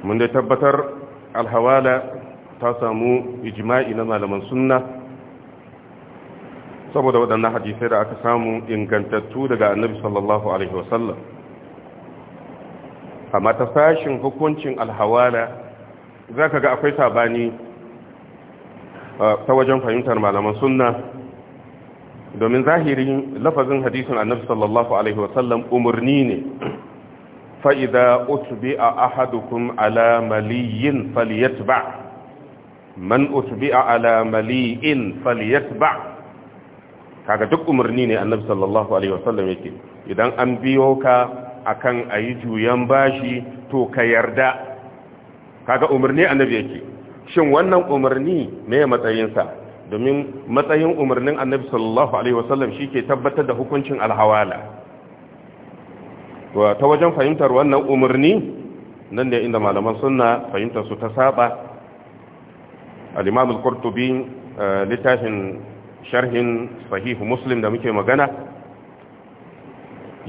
mun da tabbatar alhawala ta samu ijma'i na malaman sunna saboda waɗannan hadisai da aka samu ingantattu daga annabi sallallahu alaihi wasallam amma ta fashin hukuncin alhawala za ka ga akwai sabani ta wajen fahimtar malaman sunna domin zahiri lafazin hadisin annabi sallallahu alaihi wasallam umarni ne فإذا أتبع أحدكم على ملي فليتبع من أتبع على مليء فليتبع kaga duk umarni ne annabi sallallahu alaihi wasallam yake idan an biyo ka akan ayi juyan bashi to ka yarda kaga umarni annabi yake shin wannan umarni me matsayinsa domin matsayin umarnin annabi sallallahu alaihi wasallam shike tabbatar da hukuncin alhawala ta wajen fahimtar wannan umarni nan ne inda malaman sunna fahimtar su ta saba al-imam eh, littafin sharhin sahih muslim da muke magana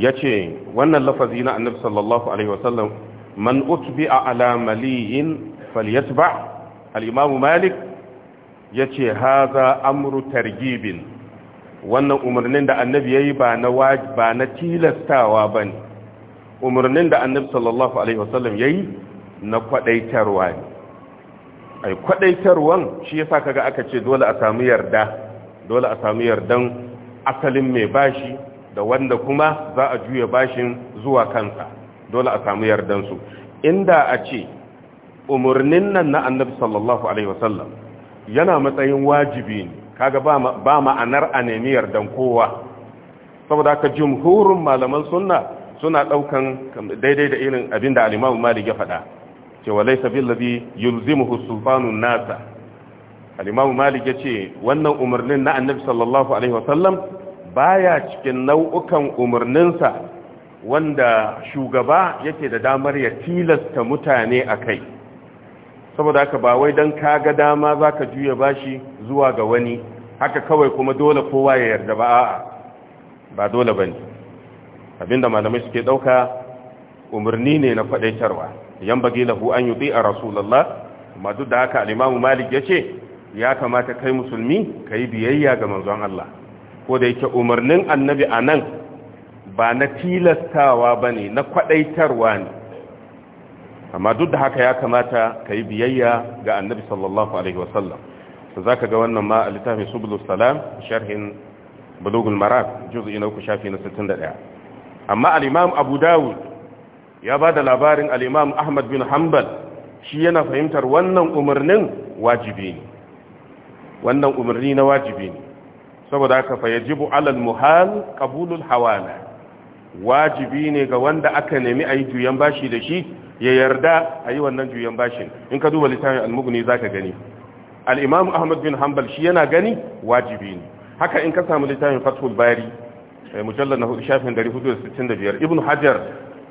yace wannan lafazi na annabi sallallahu alaihi wasallam man utbi'a ala maliyin falyatba alimamu imam malik yace haza amru targibin wannan umarnin da annabi ya ba na ba na tilastawa bane umarnin da annabi sallallahu alaihi wasallam yayi na kwadaitarwa ne ai kwadaitarwan shi yasa kaga aka ce dole a samu yarda dole a samu yardan asalin mai bashi da wanda kuma za a juya bashin zuwa kansa dole a samu yardan su inda a ce umarnin nan na annabi sallallahu alaihi wasallam yana matsayin wajibi ne kaga ba ma'anar a nemi yardan kowa saboda ka jumhurin malaman sunna suna daukan daidai da irin abinda al-Imam Malik ya faɗa cewa laysa bil ladhi yulzimuhu sultanun nasa al-Imam Malik yace wannan umarnin na Annabi sallallahu alaihi wasallam baya cikin nau'ukan umarninsa wanda shugaba yake da damar ya tilasta mutane a kai saboda haka ba wai don kaga dama zaka juya bashi zuwa ga wani haka kawai kuma dole kowa ya yarda ba a'a ba dole bane abinda malamai suke dauka umarni ne na faɗaitarwa yan bagi lahu an yuti a rasulullah amma duk da haka al'imamu malik ya ce ya kamata kai musulmi kai biyayya ga manzon Allah ko da yake umarnin annabi a nan ba na tilastawa ba ne na kwadaitarwa ne amma duk da haka ya kamata ka yi biyayya ga annabi sallallahu alaihi wasallam ka ga wannan ma littafin subulus salam sharhin bulugul maram juz'i na uku shafi na 61 amma al'imam abu dawud ya ba da labarin al'imam ahmad bin hanbal shi yana fahimtar wannan umarnin wajibi ne wannan umarni na wajibi ne saboda haka fa yajibu alal muhal qabulul hawala wajibi ne ga wanda aka nemi a yi juyan bashi da shi ya yarda a yi wannan juyan bashin in ka duba littafin al za zaka gani al'imam ahmad bin hanbal shi yana gani wajibi ne haka in ka samu littafin fathul bari Eh, mujallar na shafin 465 ibn hajar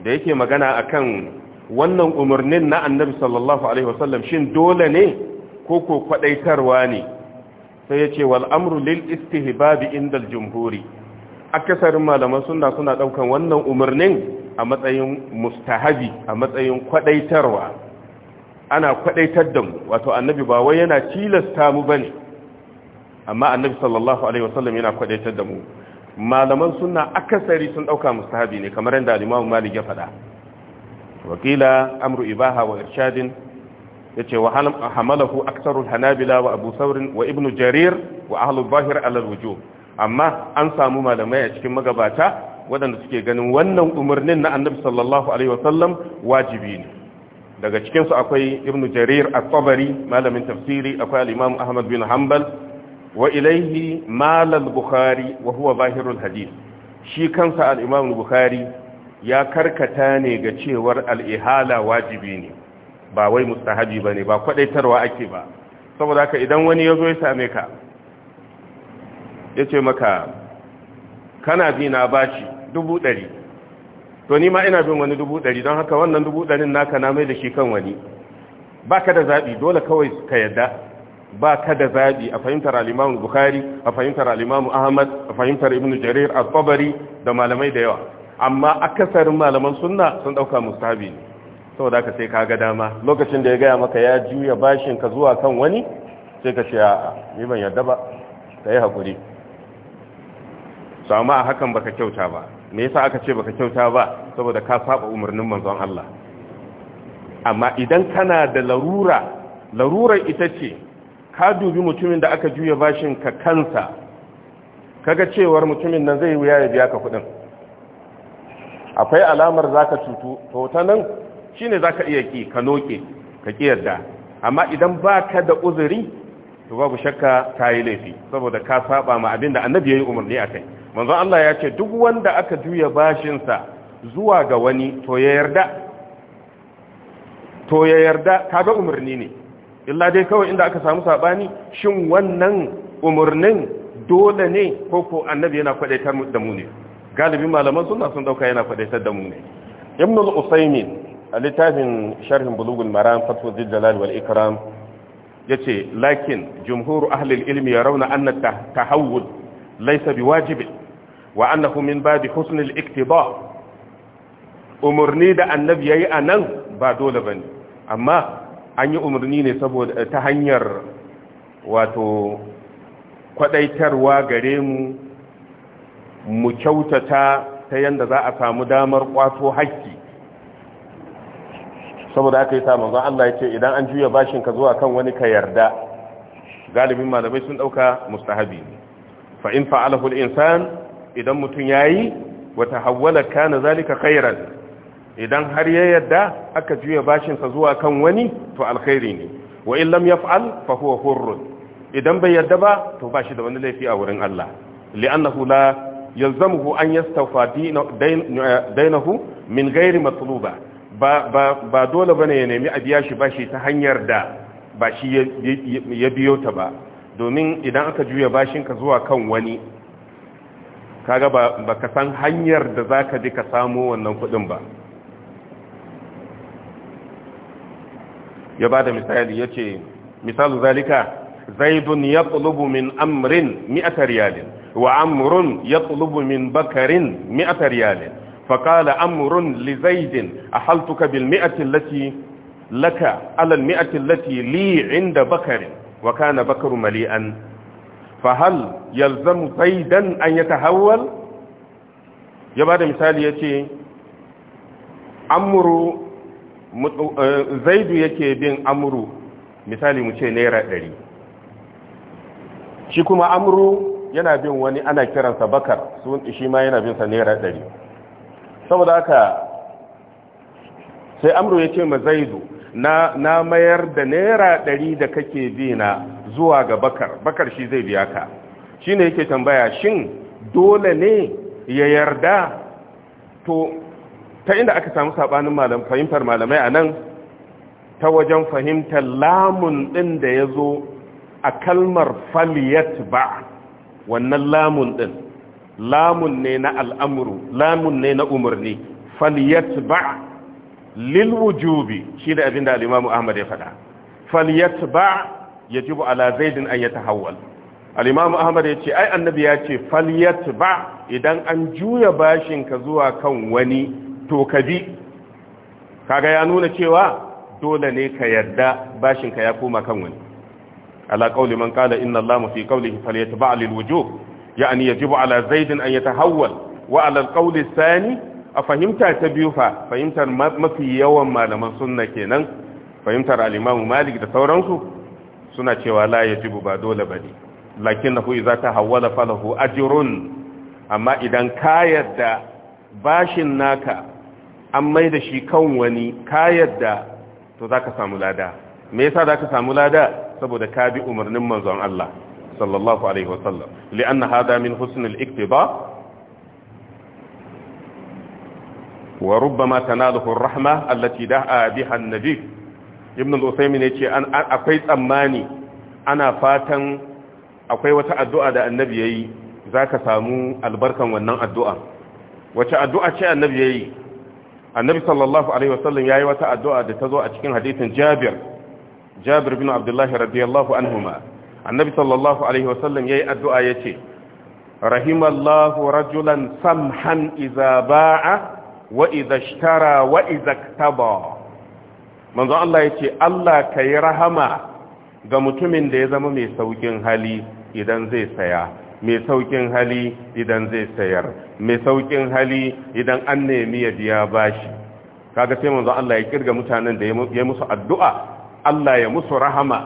da yake magana akan wannan umarnin na annabi sallallahu alaihi wasallam shin dole ne ko ko kwadaitarwa ne sai ya ce wal amru lil istihbabi inda jumhuri akasarin malaman sunna suna daukan wannan umarnin a matsayin mustahabi a matsayin kwadaitarwa ana kwadaitar da mu wato annabi ba wai yana tilasta mu bane amma annabi sallallahu alaihi wasallam yana kwadaitar da mu malaman suna akasari sun dauka mustahabi ne kamar yadda al Malik ya faɗa wakila amru ibaha wa irshadin yace wa hamalahu aktharul hanabila wa abu saurin wa ibnu jarir wa ahlul bahir ala amma an samu malamai a cikin magabata waɗanda suke ganin wannan umarnin na annabi sallallahu alaihi wasallam wajibi ne daga cikinsu akwai ibnu jarir at-tabari malamin tafsiri akwai al-imam ahmad bin hanbal wa ilaihi malal bukhari wa huwa zahirul hadith shi kansa al-imam bukhari ya karkata ne ga cewar al-ihala wajibi ne ba wai mustahabi bane ba kwadaitarwa ake ba saboda haka idan wani yazo ya same ka yace maka kana bi na bashi dubu dari. to ni ma ina bin wani dubu dari, don haka wannan dubu ɗarin naka na mai da shi kan wani baka da zaɓi dole kawai ka yadda ba ka da zabi a fahimtar al Buhari, a fahimtar al Ahmad a fahimtar Ibn Jarir al-Tabari da malamai da yawa amma akasarin malaman sunna sun ɗauka mustahabi ne saboda haka sai ga dama lokacin da ya gaya maka ya juya bashin ka zuwa kan wani sai ka ce a'a ni ban yarda ba yi hakuri sama a hakan baka kyauta ba me yasa aka ce baka kyauta ba saboda ka saba umarnin manzon Allah amma idan kana da larura larurar ita ce ka dubi mutumin da aka juya bashin ka kansa kaga cewar mutumin nan zai wuya ya biya ka kudin akwai alamar zaka tutu, to ta nan shine zaka iya ki ka noke ka kiyarda yarda amma idan baka da uzuri to babu shakka kayi laifi saboda ka saba ma abinda annabi yayi umarni akai manzon Allah ya ce duk wanda aka juya bashin sa zuwa ga wani to ya yarda to ya yarda kaga umarni ne illa dai kawai inda aka samu sabani shin wannan umarnin dole ne ko ko annabi yana faɗaitar da mu ne galibin malaman sunna sun dauka yana faɗaitar da mu ne ibn al-usaymin a littafin sharhin bulugul maram fatwa jalal wal ikram yace lakin jumhur ahli al-ilmi yarawna anna tahawul laysa biwajib wa annahu min babi husn al-iktiba umurni da annabi yayi anan ba dole bane amma an yi umarni ne saboda ta hanyar wato kwadaitarwa gare mu mu kyautata ta yanda za a samu damar kwato haƙƙi saboda aka yi samun zuwa. Allah ya ce idan an juya bashin ka zuwa kan wani ka yarda galibin malamai sun ɗauka mustahabi ne fa insan idan mutum yayi wata tahawwala kana zalika khairan idan har ya yarda aka juya bashinsa zuwa kan wani to alkhairi ne wa in lam yaf'al fa huwa hurr idan bai yarda ba to bashi da wani laifi a wurin Allah li'annahu la yalzamuhu an yastawfa dainahu min ghairi matluba ba ba ba dole bane ya nemi a biya shi bashi ta hanyar da ba ya biyo ta ba domin idan aka juya bashinka zuwa kan wani kaga ba ka san hanyar da zaka ji ka samu wannan kudin ba ya ba da misali ya ce misalu zalika zaidun ya tsulubu min amrin mi'atar yalin wa amrun ya tsulubu min bakarin mi'atar yalin faƙala amrun li zaidin a haltuka bil mi'atin lati laka alal mi'atin lati li inda bakarin wa kana bakaru mali'an fahal yalzamu zaidan an ya tahawwal ya ba da misali ya ce amuru Eh, zaidu yake bin amuru misali mu ce naira ɗari shi kuma amuru yana bin wani ana kiransa bakar shi ma yana binsa naira ɗari saboda haka sai Amru ya ce ma zaidu na mayar da naira ɗari da kake bi na zuwa ga bakar bakar shi zai biya ka shi ne yake tambaya shin dole ne ya yarda to ta inda aka samu sabanin malam fahimtar malamai a nan ta wajen fahimtar lamun ɗin da ya zo a kalmar faliyat ba wannan lamun ɗin lamun ne na al'amuru lamun ne na umarni faliyat ba lilwujubi shi da abin da alimamu ahmad ya faɗa faliyat ba ya jibu ala zaidin an ya ta hawal alimamu ahmad ya ce ai annabi ya ce faliyat ba idan an juya bashinka zuwa kan wani to ka bi kaga ya nuna cewa dole ne ka yarda bashinka ya koma kan wani ala qawli man qala inna allaha fi qawlihi falyatba' lil wujub yani yajibu ala zaid an yatahawwal wa ala alqawli athani a fahimta ta biyu fa fahimtar mafi yawan malaman sunna kenan fahimtar al-imam malik da sauransu suna cewa la yajibu ba dole bane lakinnahu idza tahawwala falahu ajrun amma idan ka yarda bashin naka an mai da shi kan wani ka da to za ka samu lada me yasa za ka samu lada saboda ka bi umarnin manzon Allah sallallahu alaihi wasallam li'anna hada min husn al-iktiba wa rubbama tanaluhu ar-rahma allati da'a biha an-nabi ibn al an akwai tsammani ana fatan akwai wata addu'a da annabi yayi zaka samu albarkan wannan addu'a wace addu'a ce annabi yayi annabi sallallahu alaihi wasallam yayi wata addu'a da ta zo a cikin hadisin Jabir Jabir bin Abdullah radiyallahu anhuma annabi sallallahu alaihi wasallam yayi addu'a yace rahimallahu rajulan samhan idza ba'a wa idza ishtara wa idza iktaba manzo Allah yace Allah kai rahama ga mutumin da ya zama mai saukin hali idan zai saya mai saukin hali idan zai sayar mai saukin hali idan an nemi ya biya bashi kaga sai manzo Allah ya kirga mutanen da ya musu addu'a Allah ya musu rahama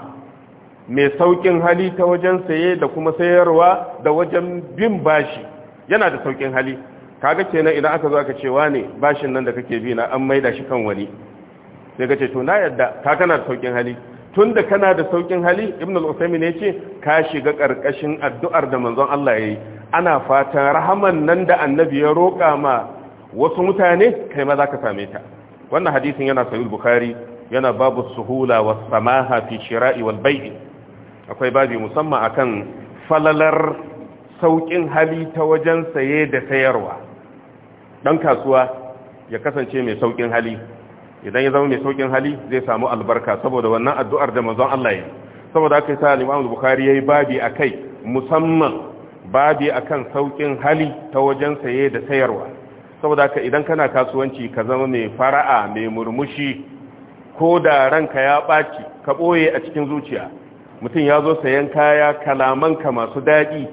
mai saukin hali ta wajen saye da kuma sayarwa da wajen bin bashi yana da saukin hali kaga kenan idan aka zo aka ce wane bashin nan da kake bi na an maida shi kan wani sai kace to na yadda ka kana da saukin hali tunda kana da saukin hali ibn al-usaymin ce ka shiga karkashin addu'ar da manzon Allah yayi ana fatan rahaman nan da annabi ya roka ma wasu mutane kai ma zaka same ta wannan hadisin yana sahih bukhari yana babu suhula was samaha fi shira'i wal bai'i akwai babi musamman akan falalar saukin hali ta wajen saye da sayarwa dan kasuwa ya kasance mai saukin hali idan ya zama mai saukin hali zai samu albarka saboda wannan addu'ar da manzon Allah ya saboda aka yi sa Imam Bukhari yayi babi akai musamman babi akan saukin hali ta wajen saye da sayarwa saboda haka idan kana kasuwanci ka zama mai fara'a mai murmushi ko da ranka ya baci ka boye a cikin zuciya mutum ya zo sayan kaya kalamanka masu dadi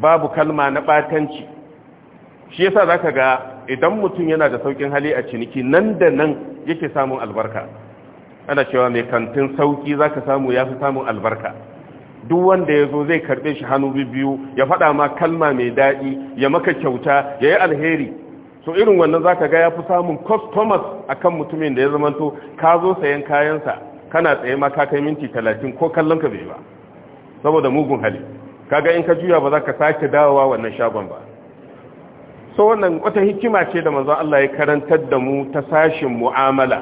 babu kalma na batanci shi yasa zaka ga idan mutum yana da saukin hali a ciniki nan da nan yake samun albarka ana cewa mai kantin sauki ka samu ya fi samun albarka duk wanda ya zo zai karbe shi hannu biyu ya faɗa ma kalma mai daɗi ya maka kyauta ya yi alheri so irin wannan za ka ga ya fi samun customers kan mutumin da ya zamanto ka zo sayan kayansa kana tsaye ma ka kai minti talatin ko kallon ka bai ba saboda mugun hali kaga in ka juya ba za ka sake dawowa wannan shagon ba so wannan wata hikima ce da manzon Allah ya karantar da mu ta sashin mu'amala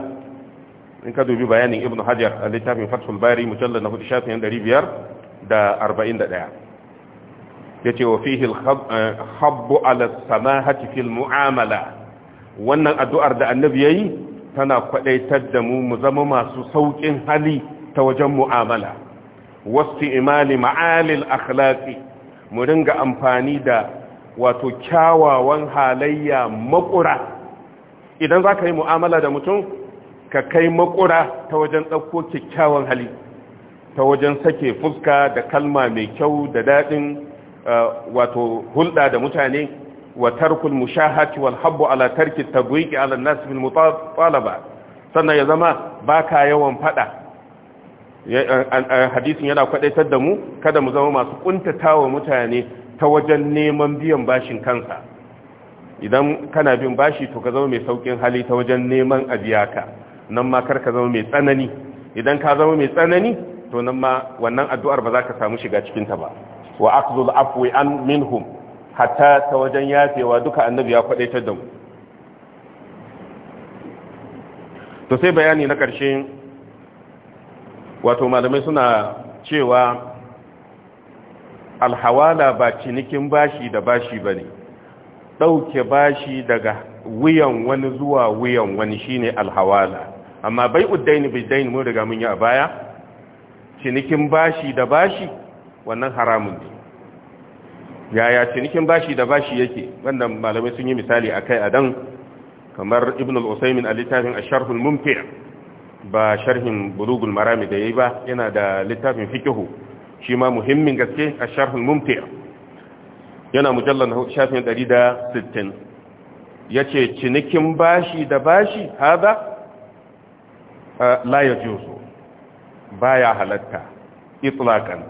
in ka dubi bayanin ibnu hajar a littafin fathul bari mujallal na hudu shafin biyar da arba'in da ɗaya ya ce wa fihi eh, habbu ala samahati fil mu'amala wannan addu'ar da annabi ya yi tana kwadaitar da mu mu zama masu sauƙin hali ta wajen mu'amala wasu imali ma'alil akhlaqi mu ringa amfani da wato kyawawan halayya makura idan za ka yi mu'amala da mutum ka kai makura ta wajen ɗauko kyakkyawan hali ta wajen sake fuska da kalma mai kyau da daɗin eh, wato hulɗa da mutane wa tarkul mushahati wal habbu ala tarki tabwiki ala nas bil mutalaba sannan ya zama baka yawan fada eh, eh, hadisin yana kwadaitar da mu kada mu zama masu kuntatawa mutane ta wajen neman biyan bashin kansa idan kana bin bashi to ka zama mai saukin hali ta wajen neman abiyaka nan ma kar ka zama mai tsanani idan ka zama mai tsanani to nan ma wannan addu'ar ba za ka samu shiga cikin ta ba wa aqdul afwi an minhum hatta ta wajen yafewa duka annabi ya ta da mu to sai bayani na karshe wato malamai suna cewa alhawala ba cinikin bashi da bashi ba ne ɗauke bashi daga wuyan wani zuwa wuyan wani shine alhawala amma bai uddaini bai daini mun riga mun yi a baya cinikin bashi da bashi wannan haramun ne yaya cinikin bashi da bashi yake wannan malamai sun yi misali akai a dan kamar ibn al a littafin sharhun Mumfiya, ba sharhin bulugul marami da yayi ba yana da littafin fikihu shi ma muhimmin gaske a sharhul mumtiya yana mujallar shafin 160 ya ce cinikin bashi da bashi haza la ya ba ya halatta itlaƙan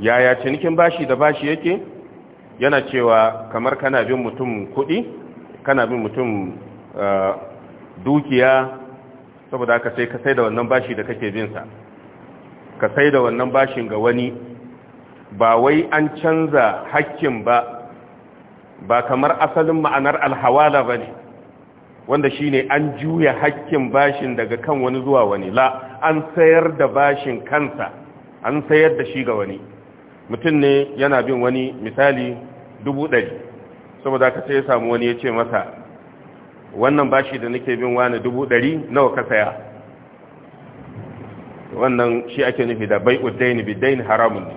yaya cinikin bashi da bashi yake yana cewa kamar kana bin mutum kuɗi kana bin mutum dukiya saboda aka sai ka sai da wannan bashi da kake binsa ka sai da wannan bashin ga wani ba wai an canza hakkin ba ba kamar asalin ma'anar alhawala ba ne wanda shi ne an juya hakkin bashin daga kan wani zuwa wani la an sayar da bashin kansa an sayar da shi ga wani mutum ne yana bin wani misali dubu ɗari saboda ka sai samu wani ya ce masa wannan bashi da nake bin wani dubu ɗari nawa ka saya wannan shi ake nufi da bai uddaini daini haramun ne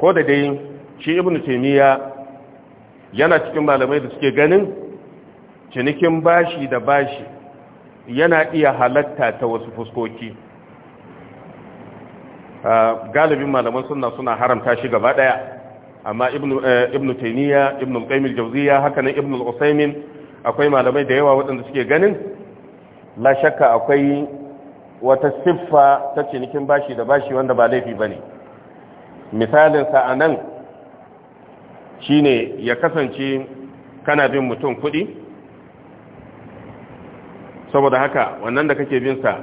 ko da dai shi ibnu taymiya yana cikin malamai da suke ganin cinikin bashi da bashi yana iya halatta ta wasu fuskoki galibin malaman sunna suna haramta shi gaba daya amma ibnu eh, taymiya ibnu qayyim al haka nan ibnu al-usaymin akwai malamai da yawa waɗanda suke ganin la shakka akwai wata siffa ta cinikin bashi da bashi wanda ba laifi ba ne misalinsa a nan shi ne ya kasance kana bin mutum kudi saboda haka wannan da kake binsa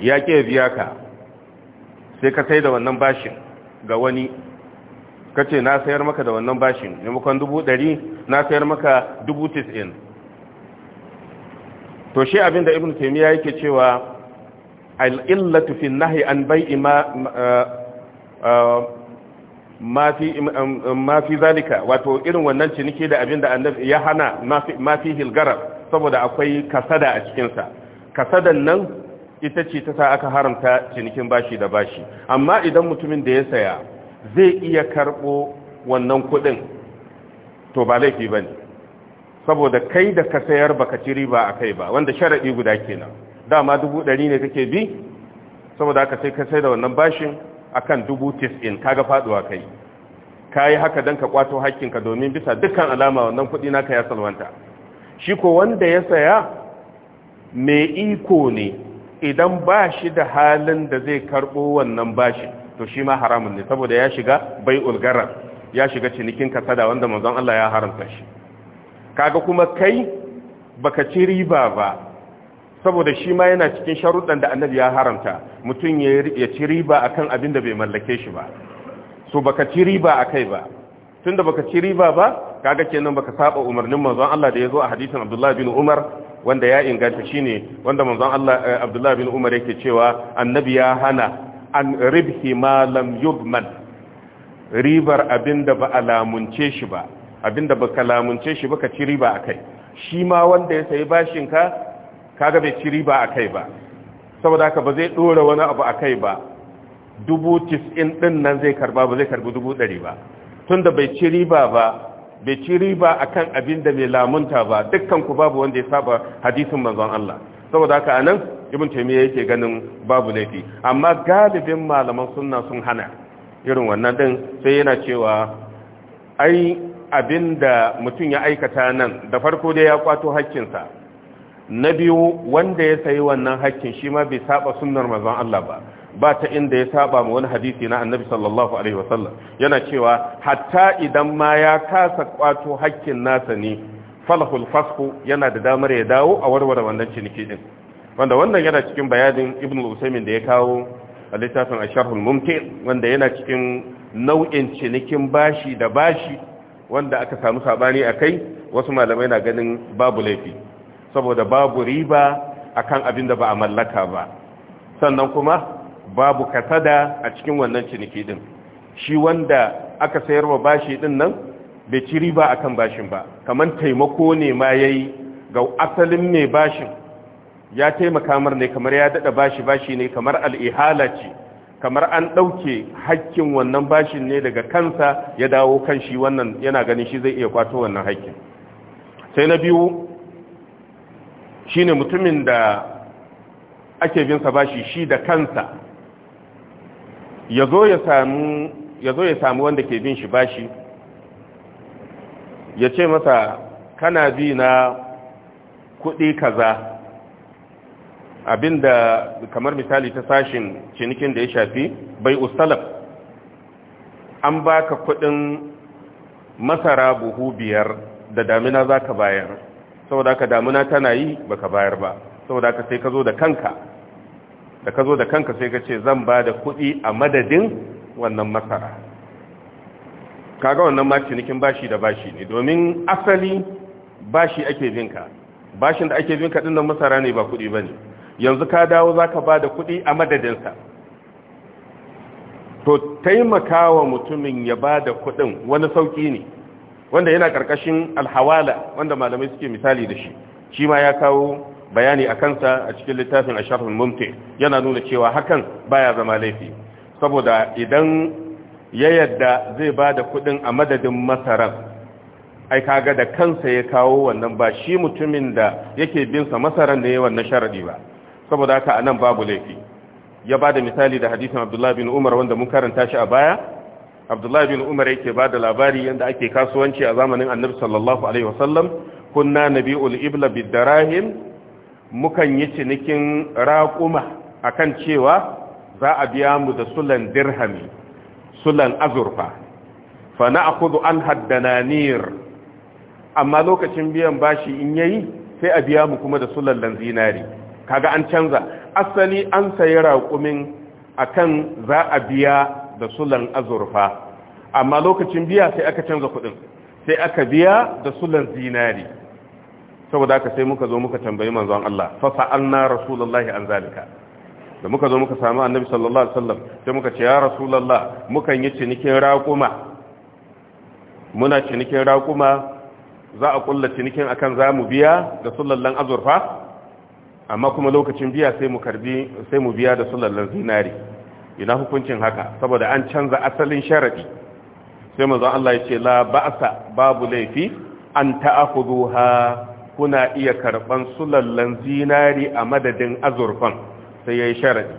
ya ke biya ka sai ka sai da wannan bashin ga wani kace na sayar maka da wannan bashin maimakon dubu ɗari na sayar maka dubu tis'in to shi abinda ibn taymiya yake cewa al-illatu fi nahyi an bai'i ma eh, eh, ma fi ma fi zalika wato irin wannan ciniki da abinda annabi ya hana ma fi saboda akwai kasada a cikin sa kasadan nan ita ce ta sa aka haramta cinikin bashi da bashi amma idan mutumin da ya saya zai iya karbo wannan kudin to ba laifi bane saboda kai da ka sayar baka ci riba kai ba wanda sharaɗi guda kenan dama dubu ɗari ne kake bi saboda aka sai ka sai da wannan bashin akan dubu tis'in kaga faduwa kai kayi haka dan ka kwato hakkinka domin bisa dukkan alama wannan kuɗi naka ya salwanta shi ko wanda ya saya mai iko ne idan ba shi da halin da zai karɓo wannan bashin to shi ma haramun ne saboda ya shiga bai ulgarar ya shiga cinikin kasada wanda manzon Allah ya haramta shi kaga kuma kai baka ci riba ba saboda shi ma yana cikin sharuɗan da annabi ya haramta mutum ya ci riba akan abin da bai mallake shi ba so baka ci riba akai ba tunda baka ci riba ba kaga kenan baka saba umarnin manzon Allah da yazo a hadisin Abdullah bin Umar wanda ya inganta shine wanda manzon Allah eh, Abdullah bin Umar yake cewa annabi ya hana an ribhi ma lam yubman ribar abinda ba alamunce shi ba abinda baka lamunce shi baka ci riba akai shi ma wanda ya sayi bashin ka kaga bai ci riba akai ba saboda haka ba zai dora wani abu akai ba dubu tis'in din nan zai karba ba zai karbi dubu ɗari ba tunda bai ci riba ba bai ci riba akan abin da mai lamunta ba dukkan ku babu wanda ya saba hadisin manzon Allah saboda haka anan ibn taymiya yake ganin babu laifi amma galibin malaman sunna sun hana irin wannan din sai yana cewa ai abin da mutum ya aikata nan da farko dai ya kwato hakkinsa na biyu wanda ya sayi wannan hakkin shi ma bai saba sunnar manzon Allah ba ba ta inda ya saba ma wani hadisi na annabi sallallahu alaihi wasallam yana cewa hatta idan ma ya kasa kwato hakkin nasa ne falahul fasku yana da damar ya dawo a warware wannan ciniki din wanda wannan yana cikin bayanin ibn al da ya kawo a littafin asharhul mumti wanda yana cikin nau'in cinikin bashi da bashi wanda aka samu sabani a kai wasu malamai na ganin babu laifi saboda babu riba akan abin da ba a mallaka ba sannan kuma babu kasada a cikin wannan ciniki din shi wanda aka sayar wa bashi din nan bai ci riba akan bashin ba kamar taimako ne ma yayi ga asalin mai bashin ya taimaka mar ne kamar ya dada bashi bashi ne kamar al'ihala ce kamar an ɗauke hakkin wannan bashin ne daga kansa ya dawo kan shi wannan yana ganin shi zai iya kwato wannan hakkin sai na biyu shi ne mutumin da ake bin sa bashi shi da kansa ya zo ya samu wanda ke bin shi bashi ya ce masa kana bi na kuɗi kaza abinda kamar misali ta sashin cinikin da ya shafi bai usalaf an baka kudin masara buhu biyar da damina za ka bayar saboda ka damina tana yi baka bayar ba saboda ka sai ka zo da kanka da ka zo da kanka sai ka ce zan ba da kudi a madadin wannan masara kaga wannan ma cinikin bashi da bashi ne domin asali bashi ake binka bashin da ake binka dinnan masara ne ba kudi ba yanzu ka dawo za ka ba da kuɗi a madadinsa to taimakawa mutumin ya ba da kuɗin wani sauƙi ne wanda yana ƙarƙashin alhawala wanda malamai suke misali da shi shi ma ya kawo bayani a kansa a cikin littafin shafin Mumte, yana nuna cewa hakan baya zama laifi saboda idan ya yadda zai ba da kuɗin a madadin masaran, ai kaga da kansa ya kawo wannan ba shi mutumin da yake binsa masaran da ya wannan sharadi ba saboda haka anan babu laifi ya bada misali da hadisin Abdullahi bin Umar wanda mun karanta shi a baya Abdullahi bin Umar yake bada labari yadda ake kasuwanci a zamanin Annabi sallallahu alaihi wasallam kunna nabi'ul ibla bidarahim mukan yi cinikin raƙuma akan cewa za a biya mu da sulan dirhami sulan azurfa fa na'khudhu an haddananir amma lokacin biyan bashi in yayi sai a biya mu kuma da sulan zinari kaga an canza asali an sayi raƙumin akan za a biya da sulan azurfa amma lokacin biya sai aka canza kuɗin sai aka biya da sulan zinari saboda aka sai muka zo muka tambayi manzon Allah fa sa'alna rasulullahi an zalika da muka zo muka samu annabi sallallahu alaihi wasallam sai muka ce ya rasulullah mukan yi cinikin raƙuma muna cinikin raƙuma za a kulla cinikin akan za mu biya da sulallan azurfa amma kuma lokacin biya sai mu karbi sai mu biya da sulallan zinari ina hukuncin haka saboda an canza asalin sharadi sai manzon Allah ya ce la ba'sa babu laifi an ha kuna iya karban sulallan zinari a madadin azurfan sai yi sharadi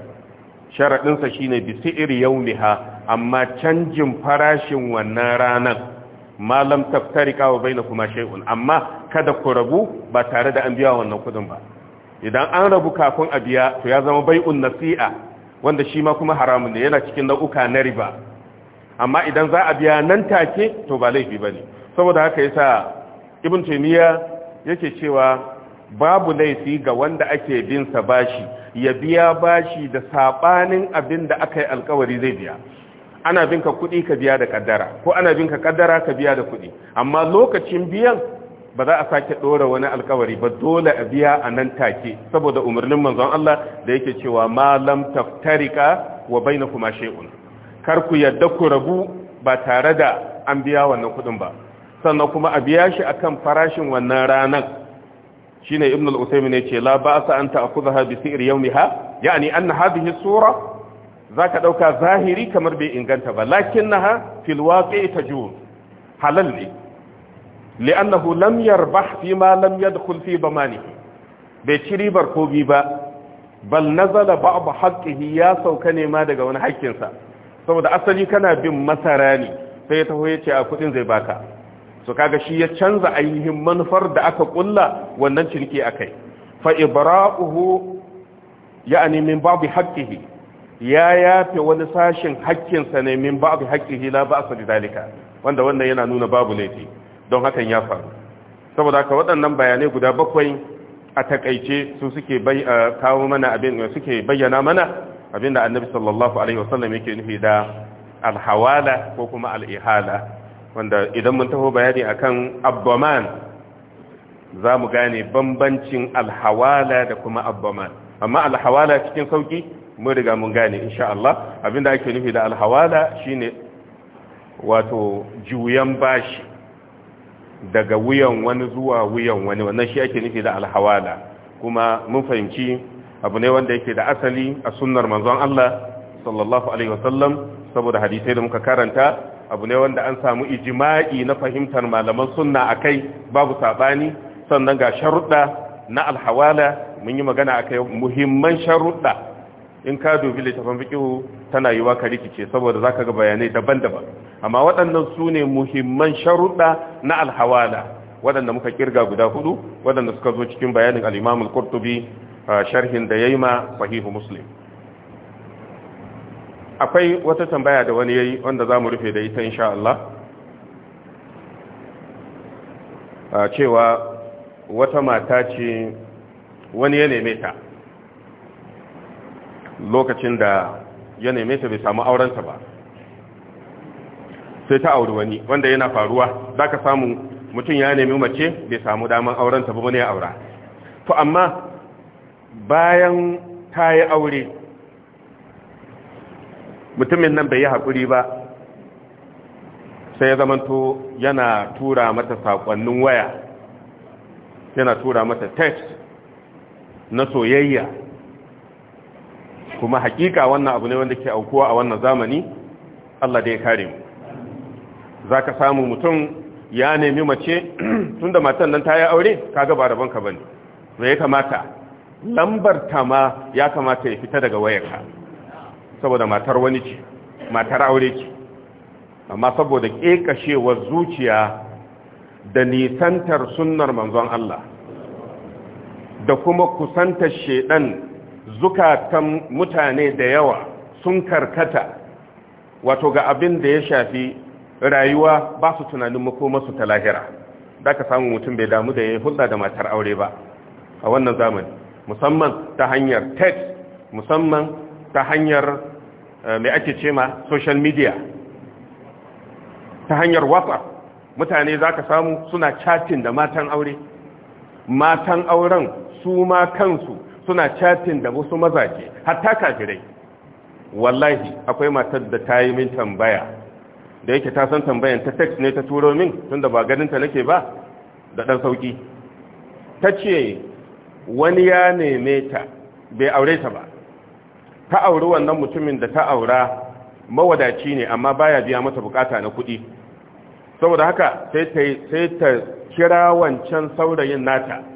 sharaɗinsa sa shine bisi iri yawmiha amma canjin farashin wannan ranan malam taftarika na kuma shai'un amma kada ku rabu ba tare da an biya wannan kudin ba idan an rabu kafin a biya to ya zama bai'un nasi'a wanda shi ma kuma haramun ne yana cikin nau'uka na riba amma idan za a biya nan take to ba laifi ba ne saboda haka yasa ibn taymiya yake cewa babu laifi ga wanda ake bin sa bashi ya biya bashi da sabanin abin da aka yi alkawari zai biya ana bin ka kuɗi ka biya da kaddara ko ana bin ka kaddara ka biya da kuɗi amma lokacin biyan ba za a sake dora wani alkawari ba dole a biya a nan take saboda umarnin manzon Allah da yake cewa malam lam taftarika wa kuma shay'un kar ku yadda ku rabu ba tare da an biya wannan kudin ba sannan kuma a biya shi akan farashin wannan ranan shine ibn al-usaymin yace la ba'sa an ta'khudha bi si'r yawmiha yani anna hadhihi sura zaka dauka zahiri kamar bai inganta ba lakinnaha fil waqi'i tajur halal ne li'annahu lam yarbah fi ma lam yadkhul fi bamanihi bai ci ribar komi ba bal nazala ba'd haqqihi ya sauka ne ma daga wani hakkin sa saboda asali kana bin masara ne sai ya taho ya ce a kudin zai baka so kaga shi ya canza ainihin manufar da aka kulla wannan ciniki akai fa ibra'uhu ya'ani min babu haqqihi ya yafe wani sashin haƙƙinsa ne min bi haqqihi la da dalika wanda wannan yana nuna babu laifi don hakan ya faru saboda haka waɗannan bayanai guda bakwai a takaice su suke eh, kawo mana abin suke bayyana mana abin da annabi sallallahu alaihi wasallam yake nufi da alhawala ko kuma al'ihala wanda idan mun taho bayani akan abdoman za mu gane bambancin alhawala da kuma abdoman amma alhawala cikin sauki mun riga mun gane insha Allah abin da ake nufi da alhawala shine wato juyan bashi daga wuyan wani zuwa wuyan wani wannan shi ake nufi da alhawala kuma mun fahimci abu ne wanda yake da asali a sunnar manzon Allah sallallahu alaihi wasallam saboda hadisai da muka karanta abu ne wanda an samu ijma'i na fahimtar malaman sunna akai babu sabani sannan ga sharuɗa na alhawala mun yi magana akai muhimman sharuɗa in ka dubi littafin fiqh tana yiwa ka rikice saboda za ka ga bayanai daban-daban amma waɗannan su ne muhimman sharuɗa na alhawala waɗanda muka kirga guda hudu waɗanda suka zo cikin bayanin al-Imam al sharhin da yayi ma sahihu Muslim akwai wata tambaya da wani yayi wanda zamu rufe da ita insha Allah cewa wata mata ce wani ya neme ta lokacin da ya neme ta bai samu aurensa ba sai ta auri wani wanda yana faruwa za ka samu mutum ya nemi mace bai samu daman aurensa ba wani ya aura to amma bayan ta yi aure mutumin nan bai yi haƙuri ba sai ya zamanto yana tura mata saƙonnin waya yana tura mata text na soyayya kuma hakika wannan abu ne wanda ke aukuwa a wannan zamani Allah da ya kare mu za ka samu mutum ya nemi mace tun da matan nan ta yi aure kaga ba rabon ka bane zai ya kamata lambar ta ma ya kamata ya fita daga wayarka saboda matar wani ce matar aure ce amma saboda ƙeƙashewar zuciya da nisantar sunnar manzon Allah da kuma kusantar shedan zukatan mutane da yawa sun karkata wato ga abin da ya shafi rayuwa ba su tunanin makomarsu ta lahira da ka samu mutum bai damu da ya yi hulɗa da matar aure ba a wannan zamani musamman ta hanyar text musamman ta hanyar eh, mai ake ce ma social media ta hanyar whatsapp mutane za ka samu suna chatting da matan aure matan auren su ma kansu suna chatting da wasu mazaje hatta kafirai wallahi akwai matar da ta yi min tambaya da yake ta san tambayan ta text ne ta turo min tunda ba ganinta ta nake ba da dan sauki ta ce wani ya neme ta bai aure ta ba ta auri wannan mutumin da ta aura mawadaci ne amma baya biya mata bukata na kuɗi saboda haka sai ta kira wancan saurayin nata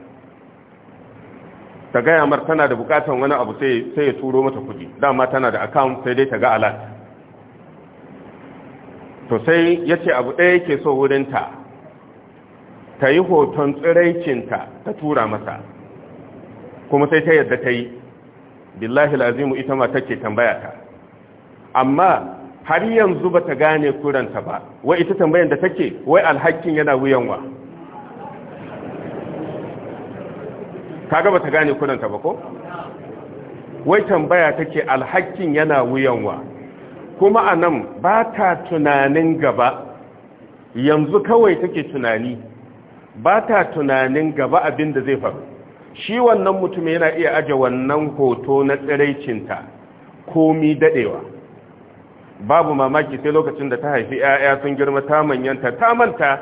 ta gaya mar tana da bukatan wani abu sai ya turo mata kudi dama tana da account sai dai ta ga alat to sai yace abu ɗaya yake so wurin ta yi hoton tsiraicin ta tura masa kuma sai ta yadda ta yi billahi lazimu ita ma take tambaya ta amma har yanzu ba ta gane kuranta ba wai ita tambayan da take wai alhakin yana wuyanwa Ta kaga ta gane kudanta ba ko wai tambaya take alhakin yana wuyanwa kuma anan ba ta tunanin gaba yanzu kawai take tunani ba ta tunanin gaba abin da zai faru shi wannan mutum yana iya aje wannan hoto na tsiraicinta komi dadewa babu mamaki sai lokacin da ta haifi 'ya'ya sun girma ta manyanta ta manta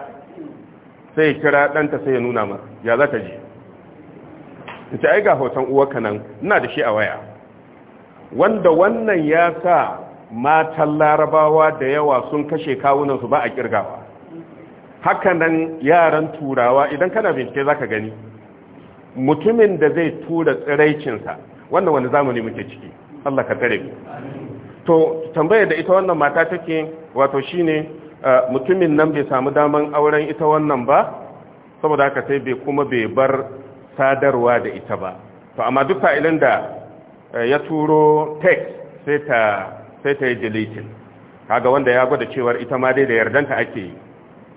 sai kira ɗanta sai ya nuna ma ya za ta je. in ce ai ga hoton uwarka nan ina da shi a waya wanda wannan ya sa matan larabawa da yawa sun kashe kawunansu ba a kirgawa hakanan yaran turawa idan kana bincike zaka gani mutumin da zai tura tsiraicinsa wannan wani zamani muke ciki Allah ka tare mu to tambayar da ita wannan mata take wato shine mutumin nan bai samu daman auren ita wannan ba saboda haka sai bai kuma bai bar sadarwa da ita ba to amma duk fa'ilin da eh, ya turo text sai ta sai ta yi deleting kaga wanda ya gwada cewar ita ma dai da yardanta ake yi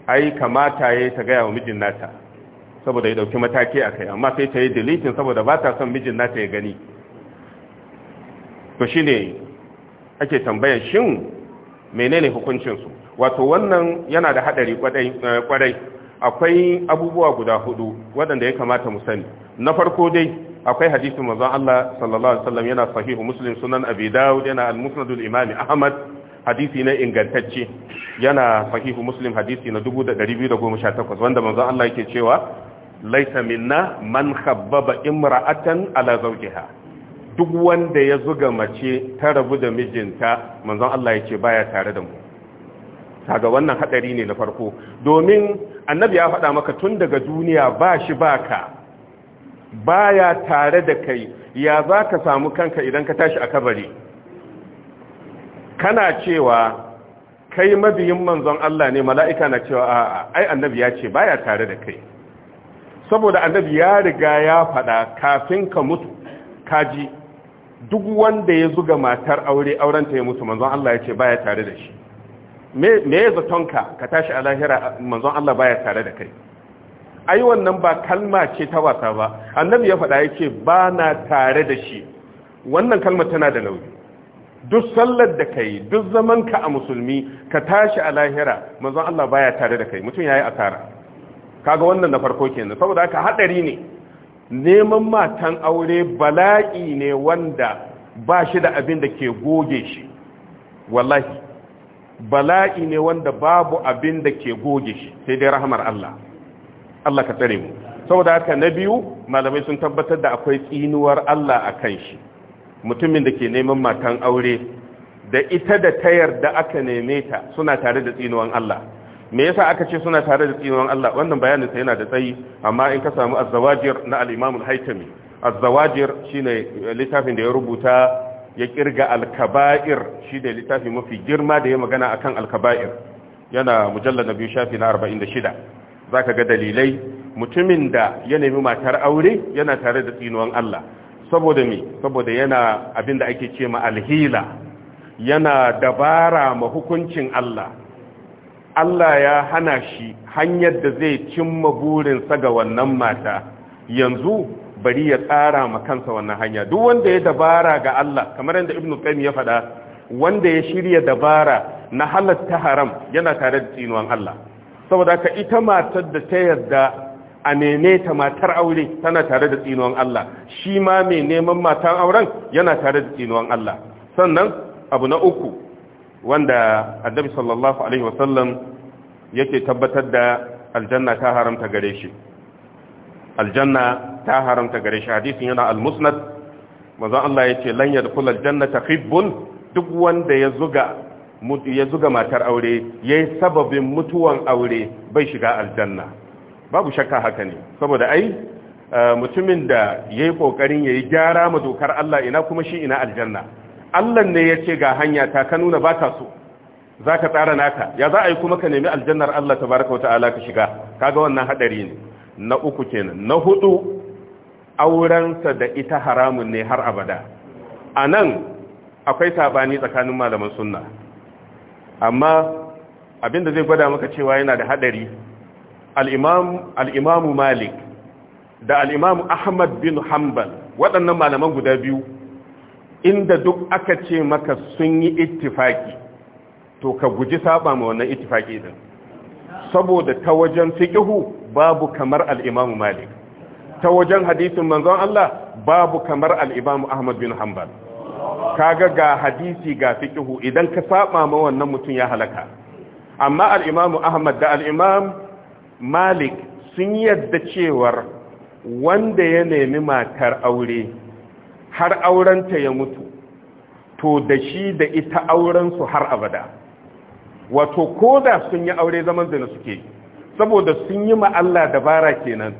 ai kamata yi ta gaya wa mijin nata saboda ya dauki mataki a kai amma sai ta yi deleting saboda ba ta son mijin nata ya gani to shine ake tambayan shin menene hukuncin su wato wannan yana da haɗari kwarai eh, akwai abubuwa guda hudu waɗanda ya kamata mu sani na farko dai akwai hadisi manzon Allah sallallahu alaihi wasallam yana sahihu muslim sunan abi daud yana al-musnad al-imam ahmad hadisi na ingantacce yana sahihu muslim hadisi na 2218 wanda manzon Allah yake cewa laisa minna man khabbaba imra'atan ala zawjiha duk wanda ya zuga mace ta rabu da mijinta manzon Allah yake baya tare da mu kaga wannan hadari ne na farko domin annabi ya faɗa maka tun daga duniya ba shi baka baya tare da kai ya za ka samu kanka idan ka tashi a kabari kana cewa kai mabiyin manzon Allah ne mala'ika na cewa a'a ai annabi ya ce baya tare da kai saboda annabi ya riga ya faɗa kafin ka mutu kaji duk wanda ya zuga matar aure aurenta ya mutu manzon Allah ya ce baya tare da shi me ya zatonka ka tashi a lahira manzon Allah baya tare da kai ai wannan ba kalma ce ta wasa ba annabi ya faɗa yake ba na tare da shi wannan kalmar tana da nauyi duk sallar da kai duk zaman ka a musulmi ka tashi a lahira manzon Allah baya tare da kai mutum yayi asara kaga wannan na farko kenan saboda haka hadari ne neman matan aure bala'i ne wanda ba shi da abin da ke goge shi wallahi bala'i ne wanda babu abin da ke goge shi sai dai rahmar Allah Allah ka tsare mu saboda haka na biyu malamai sun tabbatar da akwai tsinuwar Allah a kan shi mutumin da ke neman matan aure da ita da ta yarda aka neme ta suna tare da tsinuwan Allah me yasa aka ce suna tare da tsinuwan Allah wannan bayanin sa yana da tsayi amma in ka samu az-zawajir na al-Imam al-Haytami az shine littafin da ya rubuta ya kirga alkaba'ir shi da littafi mafi girma da ya magana a kan alkaba'ir yana mujallar na biyu shafi na 46 zaka ga dalilai mutumin da ya nemi matar aure yana tare da tsinuwan Allah saboda me saboda yana abin da ake ce ma alhila yana dabara ma hukuncin Allah Allah ya hana shi hanyar da zai cimma burinsa ga wannan mata yanzu bari ya tsara ma kansa wannan hanya duk wanda ya dabara ga Allah kamar yadda Ibn Qayyim ya faɗa wanda ya shirya dabara na halatta haram yana tare da tsinuwan Allah saboda ka ita matar da ta yarda a nene ta matar aure tana tare da tsinuwan Allah shi ma mai neman matan auren yana tare da tsinuwan Allah sannan abu na uku wanda annabi sallallahu alaihi wasallam yake tabbatar da aljanna ta haramta gare shi aljanna ta haramta gare shi hadisin yana al-musnad Allah yace lan yadkhul aljannata khibbun duk wanda ya zuga ya zuga matar aure yayi sababin mutuwan aure bai shiga aljanna babu shakka haka ne saboda ai eh, mutumin da yayi kokarin yayi gyara ma dokar Allah ina kuma shi ina aljanna Allah ne yace ga hanya ta ka nuna ba ta so zaka tsara naka ya za a yi kuma ka nemi aljannar Allah baraka wa ta'ala ka shiga kaga wannan hadari ne na uku kenan na hudu aurensa da ita haramun ne har abada a nan akwai sabani tsakanin malaman sunna amma abinda zai gwada maka cewa yana da hadari al'imamu malik da al'imamu ahmad bin hanbal waɗannan malaman guda biyu inda duk aka ce maka sun yi ittifaki to ka guji saba ma wannan ittifaki din saboda ta wajen fiƙihu babu kamar al'imamu Malik ta wajen hadisin manzon Allah babu kamar al'imamu Ahmad bin Hanbal kaga ga hadisi ga fikihu idan ka saba ma wannan mutum ya halaka amma al'imamu Ahmad da al’imam Malik sun yadda cewar wanda ya nemi matar aure har aurenta ya mutu to da shi da ita aurensu har abada wato ko da sun yi aure zaman zina suke saboda sun yi ma Allah dabara kenan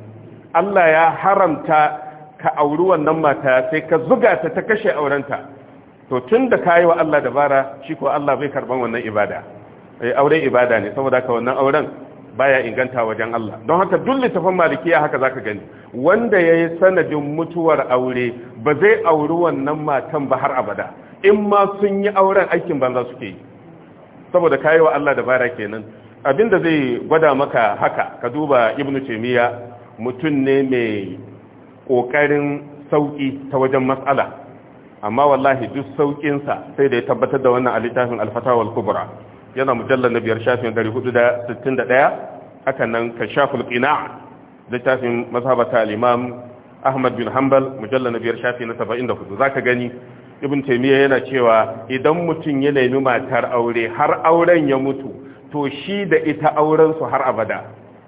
Allah ya haramta ka auri wannan mata sai ka zuga ta ta kashe aurenta to tun da ka yi wa Allah dabara shi ko Allah bai karban wannan ibada eh, auren ibada ne saboda ka wannan auren baya inganta wajen Allah don haka duk littafin malikiya haka zaka gani wanda yayi sanadin mutuwar aure ba zai auri wannan matan ba har abada in ma sun yi auren aikin banza suke yi saboda kayi wa Allah dabara kenan abinda zai gwada maka haka ka duba ibnu taymiya mutum ne mai kokarin sauki ta wajen matsala amma wallahi duk saukinsa sai da ya tabbatar da wannan alittafin alfatawar kubra yana mujallar na biyar shafin 461 haka nan ka shafin ƙina littafin mazhabata al'imam ahmad bin hanbal mujallar na biyar shafi na 74 za ka gani ibn taimiyya yana cewa idan mutum ya nemi matar aure har auren ya mutu to shi da ita aurensu har abada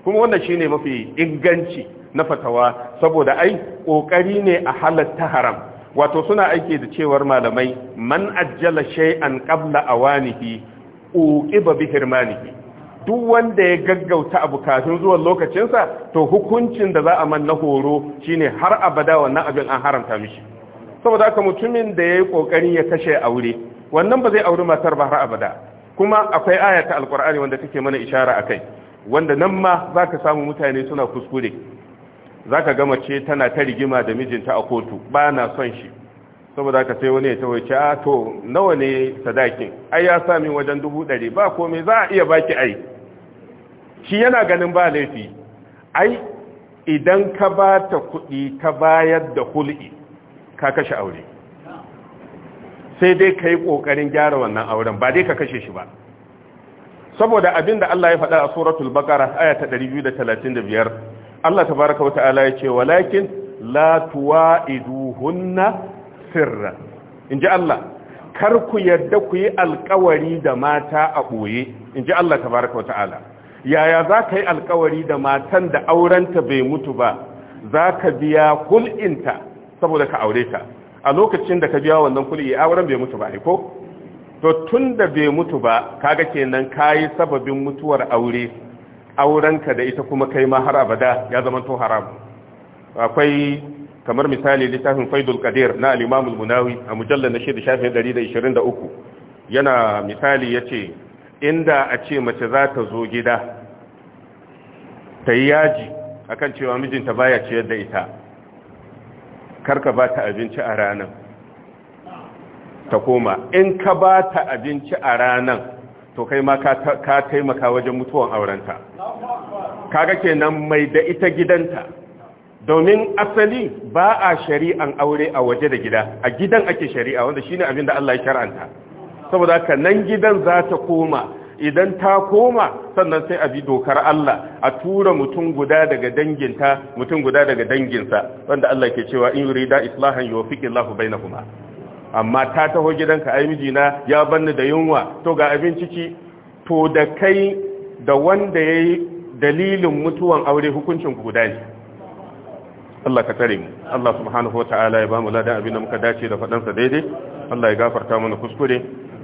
kuma wannan shine mafi inganci na fatawa saboda ai kokari ne a halatta haram wato suna aiki da cewar malamai man ajjala shay'an qabla awanihi uqiba bi hirmanihi duk wanda ya gaggauta abu kafin zuwan lokacinsa to hukuncin da za a man na horo shine har abada wannan abin an haramta mishi saboda haka mutumin da ya yi ya kashe aure wannan ba zai aure matar ba har abada kuma akwai ayata alkur'ani wanda take mana ishara akai wanda nan ma zaka samu mutane suna kuskure zaka ga mace tana ta rigima da mijinta a kotu ba na son shi saboda haka sai wani ya tawaice a ah, to nawa ne sadakin ai ya sami wajen dubu ɗari ba komai za a iya baki ai shi yana ganin ba laifi ai idan ka ba ta kuɗi ka bayar da hul'i ka kashe aure sai dai ka yi ƙoƙarin gyara wannan auren ba dai ka kashe shi ba saboda abin da Allah ya faɗa a suratul baqara aya ta 235 Allah wa ta'ala ya ce walakin la tuwa'iduhunna sirra in ji Allah kar ku yarda ku yi alƙawari da mata a boye ji Allah wa ta'ala yaya za ka yi alƙawari da matan da aurenta bai mutu ba za ka biya kul'inta saboda ka aure ta a lokacin da ka biya wannan kuɗi eh, auren bai mutu ba ne ko to tun da bai mutu ba kaga kenan kayi sababin mutuwar aure aurenka da ita kuma kai ma har abada ya zama to haram akwai kamar misali littafin faidul qadir na al-imam al-munawi a mujallal na shida shafi 123 yana misali yace inda a ce mace za ta zo gida ta yi yaji akan cewa mijinta baya ciyar da ita karka ba ta abinci a ranan ta koma in ka ba ta abinci a ranan to kai ma ka taimaka wajen mutuwan aurenta kaga kenan mai da ita gidanta domin asali ba a shari'an aure a waje da gida a gidan ake shari'a wanda shine abin da Allah ya shar'anta saboda haka nan gidan za ta koma idan ta koma sannan sai a bi dokar Allah a tura mutum guda daga danginta mutum guda daga danginsa wanda Allah ke cewa in yurida islahan yuwaffiqillahu bainakuma amma ta taho gidanka ai mijina ya banni da yunwa to ga abin ciki to da kai da wanda yayi dalilin mutuwan aure hukuncin ku guda ne Allah ka tare mu Allah subhanahu wataala ya ba mu ladan abin da muka dace da fadansa daidai Allah ya gafarta mana kuskure